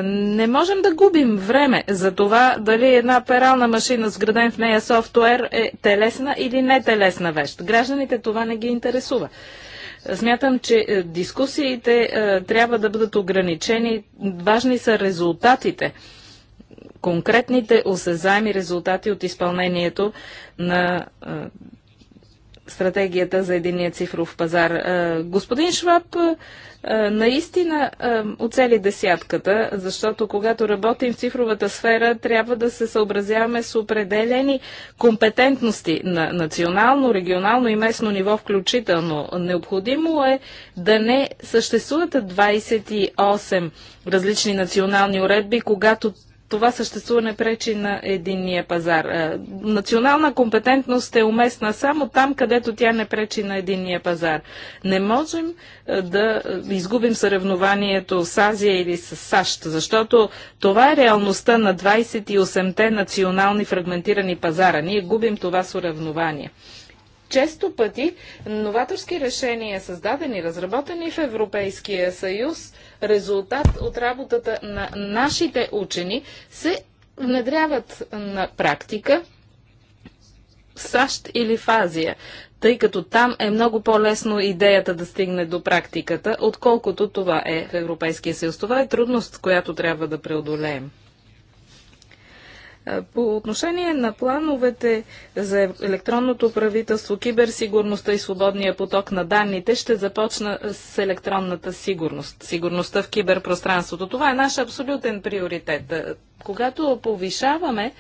не можем да губим време за това дали една перална машина с граден в нея софтуер е телесна или не телесна вещ. Гражданите това не ги интересува. Смятам, че е, дискусиите е, трябва да бъдат ограничени. Важни са резултатите конкретните осезаеми резултати от изпълнението на е, стратегията за единия цифров пазар. Е, господин Шваб, е, наистина е, оцели десятката, защото когато работим в цифровата сфера, трябва да се съобразяваме с определени компетентности на национално, регионално и местно ниво включително. Необходимо е да не съществуват 28 различни национални уредби, когато това съществуване пречи на единния пазар. Е, национална компетентност е уместна само там, където тя не пречи на единния пазар. Не можем е, да изгубим съревнованието с Азия или с САЩ, защото това е реалността на 28-те национални фрагментирани пазара. Ние губим това съревнование. Често пъти новаторски решения, създадени, разработени в Европейския съюз, резултат от работата на нашите учени, се внедряват на практика в САЩ или в Азия, тъй като там е много по-лесно идеята да стигне до практиката, отколкото това е в Европейския съюз. Това е трудност, която трябва да преодолеем. По отношение на плановете за електронното правителство, киберсигурността и свободния поток на данните, ще започна с електронната сигурност, сигурността в киберпространството. Това е наш абсолютен приоритет. Когато повишаваме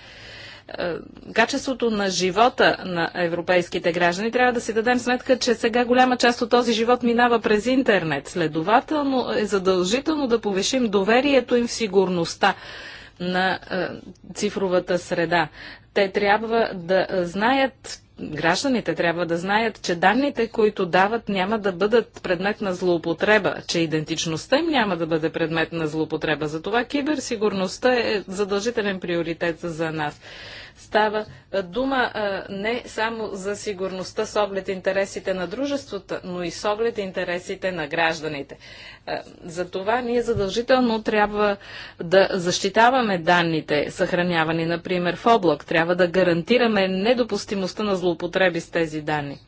качеството на живота на европейските граждани, трябва да си дадем сметка, че сега голяма част от този живот минава през интернет. Следователно е задължително да повишим доверието им в сигурността на е, цифровата среда. Те трябва да е, знаят гражданите трябва да знаят, че данните, които дават, няма да бъдат предмет на злоупотреба, че идентичността им няма да бъде предмет на злоупотреба. Затова киберсигурността е задължителен приоритет за нас. Става дума не само за сигурността с оглед интересите на дружеството, но и с оглед интересите на гражданите. За това ние задължително трябва да защитаваме данните, съхранявани, например, в облак. Трябва да гарантираме недопустимостта на злоупотреби с тези данни.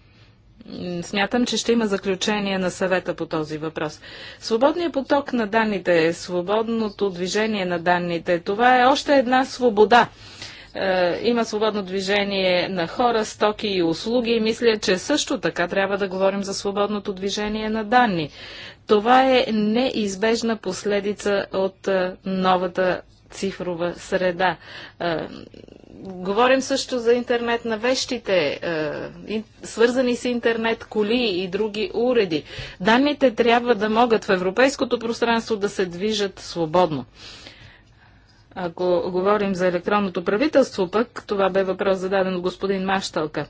Смятам, че ще има заключение на съвета по този въпрос. Свободният поток на данните, свободното движение на данните, това е още една свобода. Е, има свободно движение на хора, стоки и услуги и мисля, че също така трябва да говорим за свободното движение на данни. Това е неизбежна последица от е, новата цифрова среда. Е, говорим също за интернет на вещите, свързани с интернет коли и други уреди. Данните трябва да могат в европейското пространство да се движат свободно. Ако говорим за електронното правителство, пък това бе въпрос зададен от господин Машталка.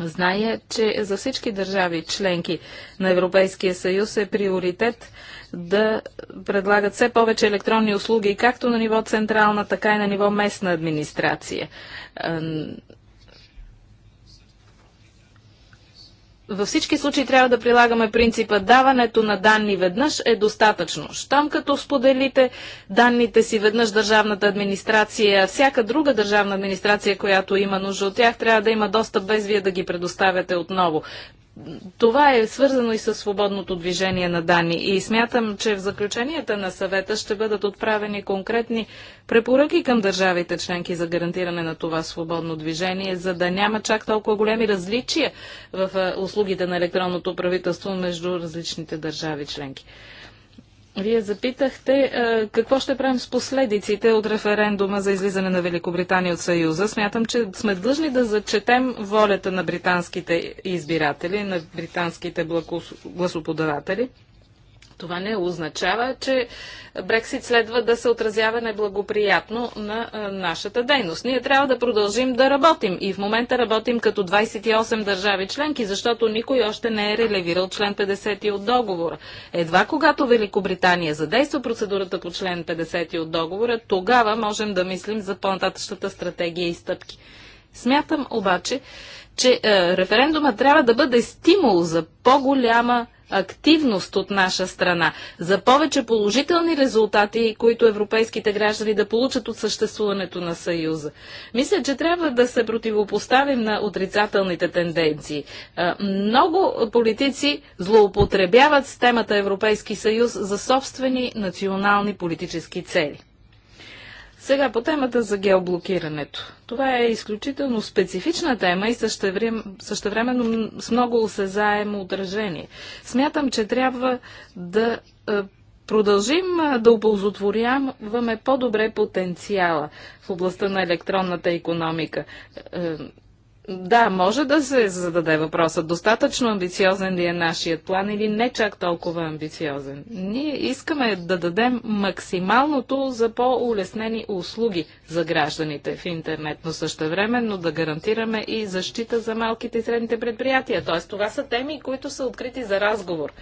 Зная, че за всички държави членки на Европейския съюз е приоритет да предлагат все повече електронни услуги както на ниво централна, така и на ниво местна администрация. във всички случаи трябва да прилагаме принципа даването на данни веднъж е достатъчно. Щом като споделите данните си веднъж държавната администрация, всяка друга държавна администрация, която има нужда от тях, трябва да има достъп без вие да ги предоставяте отново това е свързано и с свободното движение на данни. И смятам, че в заключенията на съвета ще бъдат отправени конкретни препоръки към държавите членки за гарантиране на това свободно движение, за да няма чак толкова големи различия в услугите на електронното правителство между различните държави членки. Вие запитахте е, какво ще правим с последиците от референдума за излизане на Великобритания от Съюза. Смятам, че сме длъжни да зачетем волята на британските избиратели, на британските гласоподаватели. Това не означава, че Брексит следва да се отразява неблагоприятно на нашата дейност. Ние трябва да продължим да работим и в момента работим като 28 държави членки, защото никой още не е релевирал член 50 от договора. Едва когато Великобритания задейства процедурата по член 50 от договора, тогава можем да мислим за по-нататъчната стратегия и стъпки. Смятам обаче, че е, референдума трябва да бъде стимул за по-голяма активност от наша страна, за повече положителни резултати, които европейските граждани да получат от съществуването на Съюза. Мисля, че трябва да се противопоставим на отрицателните тенденции. Е, много политици злоупотребяват с темата Европейски съюз за собствени национални политически цели. Сега по темата за геоблокирането. Това е изключително специфична тема и също същевременно с много осезаемо отражение. Смятам, че трябва да е, продължим е, да оползотворяваме по-добре потенциала в областта на електронната економика. Е, да, може да се зададе въпроса. Достатъчно амбициозен ли е нашият план или не чак толкова амбициозен? Ние искаме да дадем максималното за по-улеснени услуги за гражданите в интернет, но същевременно да гарантираме и защита за малките и средните предприятия. Т.е. това са теми, които са открити за разговор.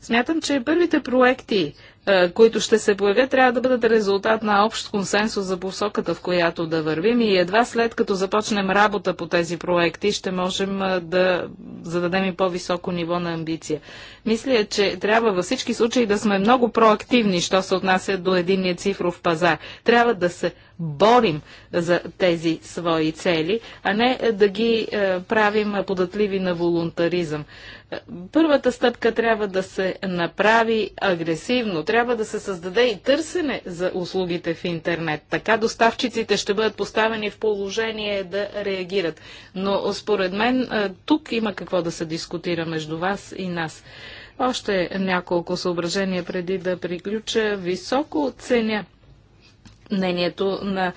Смятам, че първите проекти е, които ще се появят, трябва да бъдат резултат на общ консенсус за посоката, в която да вървим и едва след като започнем работа по тези проекти, ще можем е, да зададем и по-високо ниво на амбиция. Мисля, че трябва във всички случаи да сме много проактивни, що се отнася до единния цифров пазар. Трябва да се борим за тези свои цели, а не е, да ги е, правим податливи на волонтаризъм. Е, първата стъпка трябва да се направи агресивно, трябва да се създаде и търсене за услугите в интернет. Така доставчиците ще бъдат поставени в положение да реагират. Но според мен тук има какво да се дискутира между вас и нас. Още няколко съображения преди да приключа. Високо ценя мнението на е,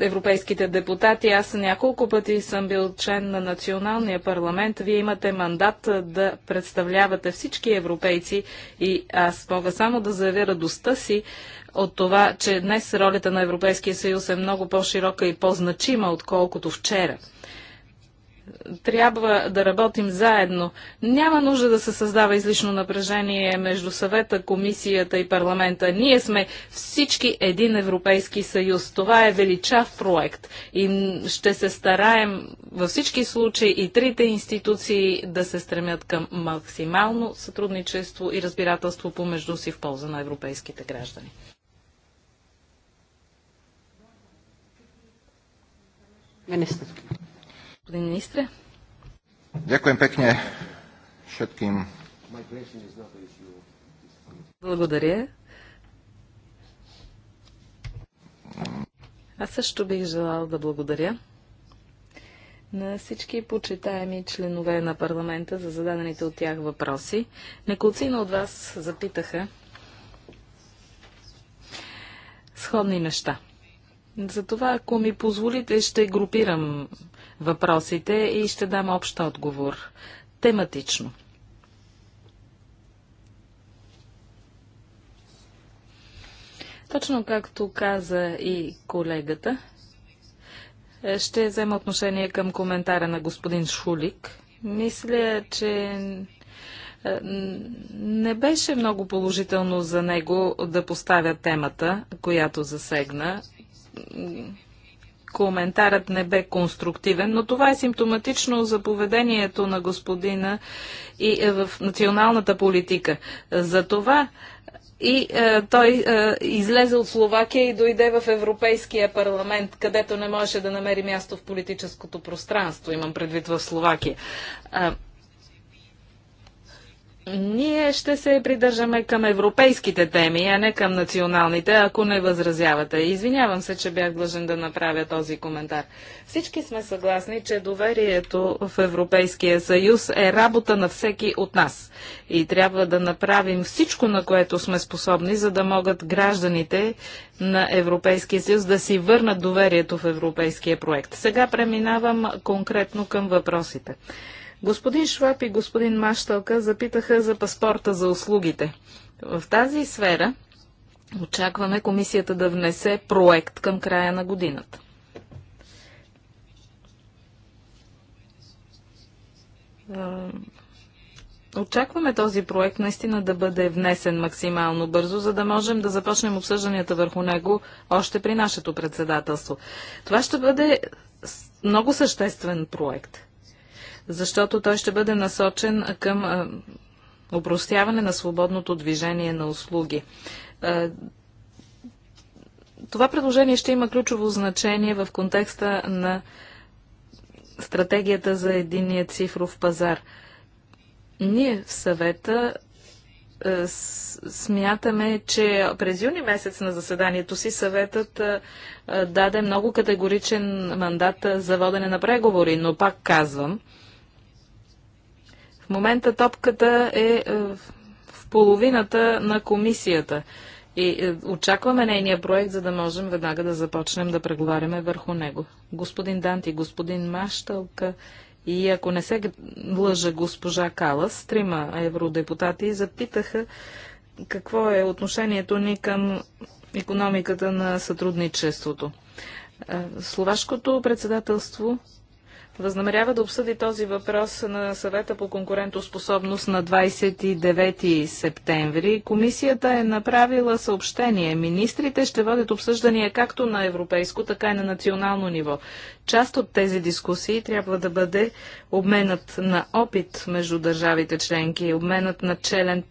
европейските депутати. Аз няколко пъти съм бил член на националния парламент. Вие имате мандат е, да представлявате всички европейци и аз мога само да заявя радостта си от това, че днес ролята на Европейския съюз е много по-широка и по-значима, отколкото вчера трябва да работим заедно. Няма нужда да се създава излишно напрежение между съвета, комисията и парламента. Ние сме всички един Европейски съюз. Това е величав проект и ще се стараем във всички случаи и трите институции да се стремят към максимално сътрудничество и разбирателство помежду си в полза на европейските граждани. Министър. Господин министре. Дякуем пекне všetkým. Благодаря. Аз също бих желал да благодаря на всички почитаеми членове на парламента за зададените от тях въпроси. Неколцина от вас запитаха сходни неща. Затова, ако ми позволите, ще групирам въпросите и ще дам общ отговор. Тематично. Точно както каза и колегата, ще взема отношение към коментара на господин Шулик. Мисля, че не беше много положително за него да поставя темата, която засегна коментарът не бе конструктивен, но това е симптоматично за поведението на господина и е, в националната политика. За това и е, той е, излезе от Словакия и дойде в Европейския парламент, където не можеше да намери място в политическото пространство, имам предвид в Словакия. Ние ще се придържаме към европейските теми, а не към националните, ако не възразявате. Извинявам се, че бях длъжен да направя този коментар. Всички сме съгласни, че доверието в Европейския съюз е работа на всеки от нас. И трябва да направим всичко, на което сме способни, за да могат гражданите на Европейския съюз да си върнат доверието в европейския проект. Сега преминавам конкретно към въпросите. Господин Шваб и господин Машталка запитаха за паспорта за услугите. В тази сфера очакваме комисията да внесе проект към края на годината. Очакваме този проект наистина да бъде внесен максимално бързо, за да можем да започнем обсъжданията върху него още при нашето председателство. Това ще бъде много съществен проект защото той ще бъде насочен към опростяване на свободното движение на услуги. Това предложение ще има ключово значение в контекста на стратегията за единия цифров пазар. Ние в съвета смятаме, че през юни месец на заседанието си съветът даде много категоричен мандат за водене на преговори, но пак казвам, в момента топката е, е в половината на комисията. И е, очакваме нейния проект, за да можем веднага да започнем да преговаряме върху него. Господин Данти, господин Маштълка и ако не се лъжа госпожа Калас, трима евродепутати запитаха какво е отношението ни към економиката на сътрудничеството. Е, словашкото председателство възнамерява да обсъди този въпрос на съвета по конкурентоспособност на 29 септември. Комисията е направила съобщение. Министрите ще водят обсъждания както на европейско, така и на национално ниво. Част от тези дискусии трябва да бъде обменът на опит между държавите членки, обменът на челен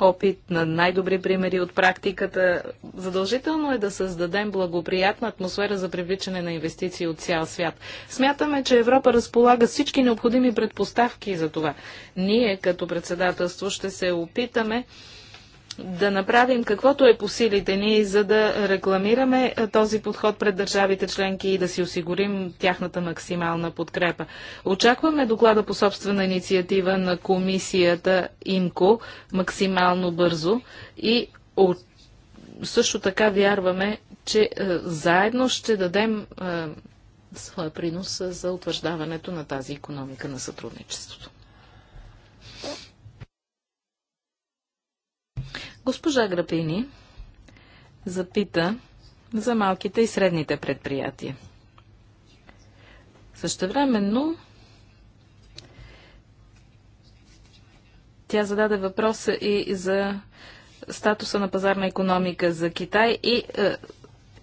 опит, на най-добри примери от практиката. Задължително е да създадем благоприятна атмосфера за привличане на инвестиции от цял свят. Смятаме, че Европа разполага всички необходими предпоставки за това. Ние, като председателство, ще се опитаме да направим каквото е по силите ни, за да рекламираме този подход пред държавите членки и да си осигурим тяхната максимална подкрепа. Очакваме доклада по собствена инициатива на комисията ИМКО максимално бързо и от... също така вярваме, че е, заедно ще дадем е, своя принос за утвърждаването на тази економика на сътрудничеството. Госпожа Грапини запита за малките и средните предприятия. Същевременно тя зададе въпроса и за статуса на пазарна економика за Китай и е,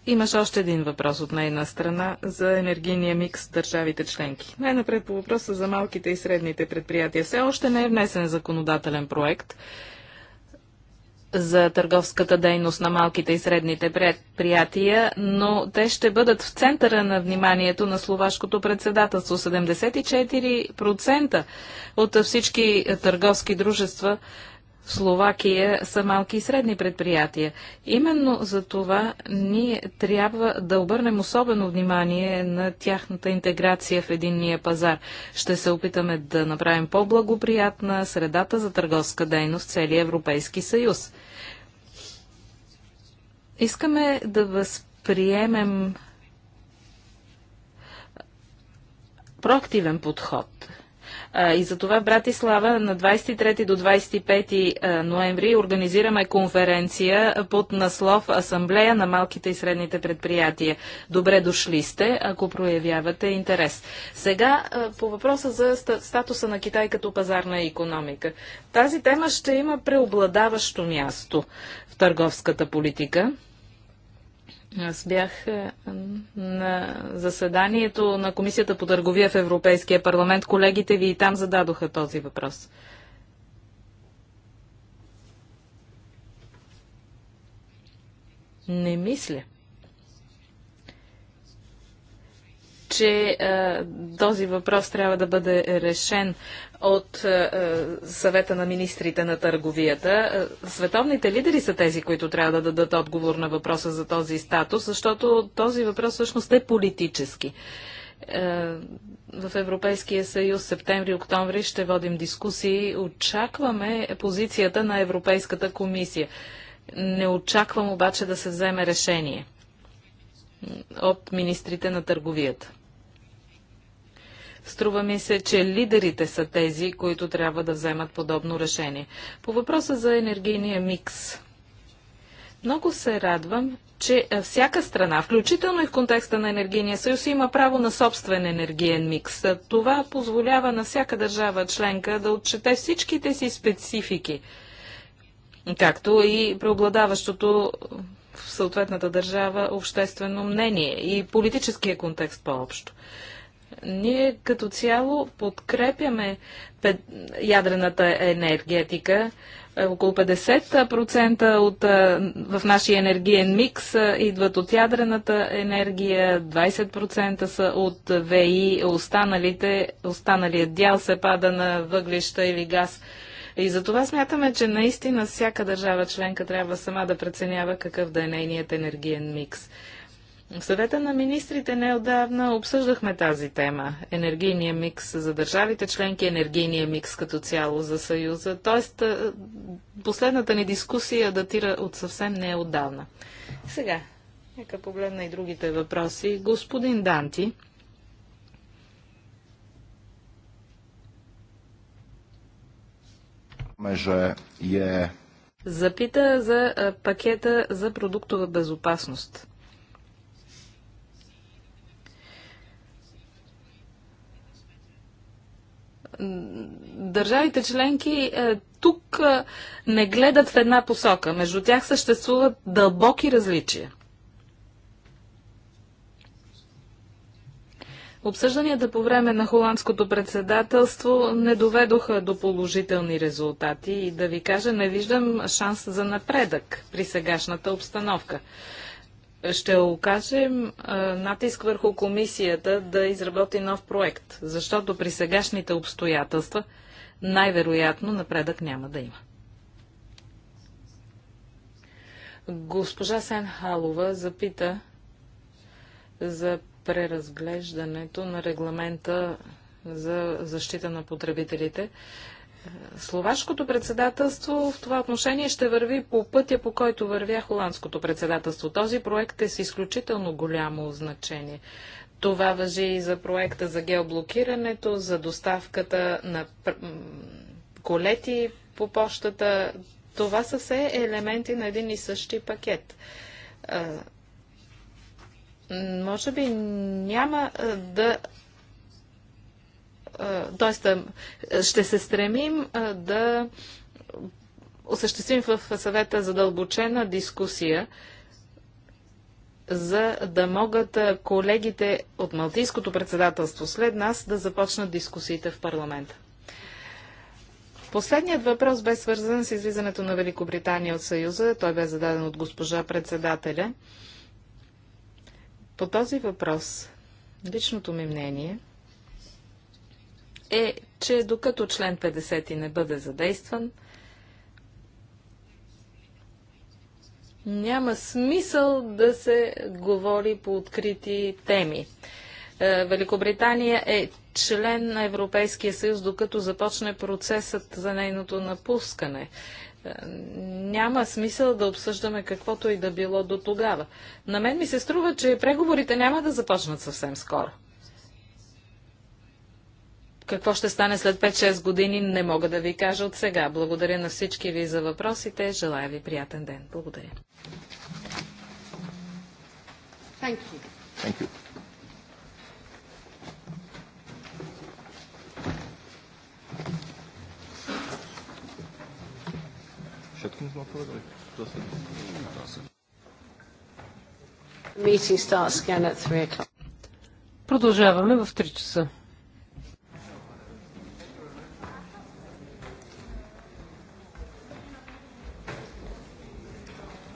имаше още един въпрос от нейна страна за енергийния микс с държавите членки. Най-напред по въпроса за малките и средните предприятия. Все още не е внесен законодателен проект за търговската дейност на малките и средните предприятия, но те ще бъдат в центъра на вниманието на словашкото председателство. 74% от всички търговски дружества в Словакия са малки и средни предприятия. Именно за това ние трябва да обърнем особено внимание на тяхната интеграция в единния пазар. Ще се опитаме да направим по-благоприятна средата за търговска дейност целия Европейски съюз. Искаме да възприемем проактивен подход – и това, брати Братислава на 23 до 25 ноември организираме конференция под наслов Асамблея на малките и средните предприятия. Добре дошли сте, ако проявявате интерес. Сега по въпроса за статуса на Китай като пазарна економика. Тази тема ще има преобладаващо място в търговската политика. Аз бях е, на заседанието на Комисията по търговия в Европейския парламент. Колегите ви и там зададоха този въпрос. Не мисля, че е, този въпрос трябва да бъде решен от е, е съвета на министрите на търговията. Е, световните лидери са тези, които трябва да дадат отговор на въпроса за този статус, защото този въпрос всъщност е политически. Е, в Европейския съюз септември-октомври ще водим дискусии. Очакваме позицията на Европейската комисия. Не очаквам обаче да се вземе решение от министрите на търговията. Струва ми се, че лидерите са тези, които трябва да вземат подобно решение. По въпроса за енергийния микс. Много се радвам, че всяка страна, включително и в контекста на енергийния съюз, има право на собствен енергиен микс. Това позволява на всяка държава членка да отчете всичките си специфики, както и преобладаващото в съответната държава обществено мнение и политическия контекст по-общо. Ние като цяло подкрепяме ядрената енергетика. Е, около 50% от, е, в нашия енергиен микс е, идват от ядрената енергия, 20% са от ВИ, останалите, останалият дял се пада на въглища или газ. И за това смятаме, че наистина всяка държава членка трябва сама да преценява какъв да е нейният енергиен микс. В съвета на министрите неодавна обсъждахме тази тема. Енергийния микс за държавите членки, енергийния микс като цяло за Съюза. Тоест, последната ни дискусия датира от съвсем неодавна. Сега, нека погледна и другите въпроси. Господин Данти, е Запита за пакета за продуктова безопасност. държавите членки е, тук е, не гледат в една посока. Между тях съществуват дълбоки различия. Обсъжданията по време на холандското председателство не доведоха до положителни резултати и да ви кажа, не виждам шанс за напредък при сегашната обстановка ще окажем натиск върху комисията да изработи нов проект, защото при сегашните обстоятелства най-вероятно напредък няма да има. Госпожа Сенхалова запита за преразглеждането на регламента за защита на потребителите. Словашкото председателство в това отношение ще върви по пътя, по който вървя холандското председателство. Този проект е с изключително голямо значение. Това въжи и за проекта за геоблокирането, за доставката на колети по почтата. Това са все елементи на един и същи пакет. Може би няма да т.е. ще се стремим да осъществим в съвета задълбочена дискусия, за да могат колегите от Малтийското председателство след нас да започнат дискусиите в парламента. Последният въпрос бе свързан с излизането на Великобритания от Съюза. Той бе зададен от госпожа председателя. По този въпрос личното ми мнение – е, че докато член 50 не бъде задействан, няма смисъл да се говори по открити теми. Е, Великобритания е член на Европейския съюз, докато започне процесът за нейното напускане. Е, няма смисъл да обсъждаме каквото и да било до тогава. На мен ми се струва, че преговорите няма да започнат съвсем скоро. Какво ще стане след 5-6 години, не мога да ви кажа от сега. Благодаря на всички ви за въпросите. Желая ви приятен ден. Благодаря. Thank you. Thank you. Продължаваме в 3 часа.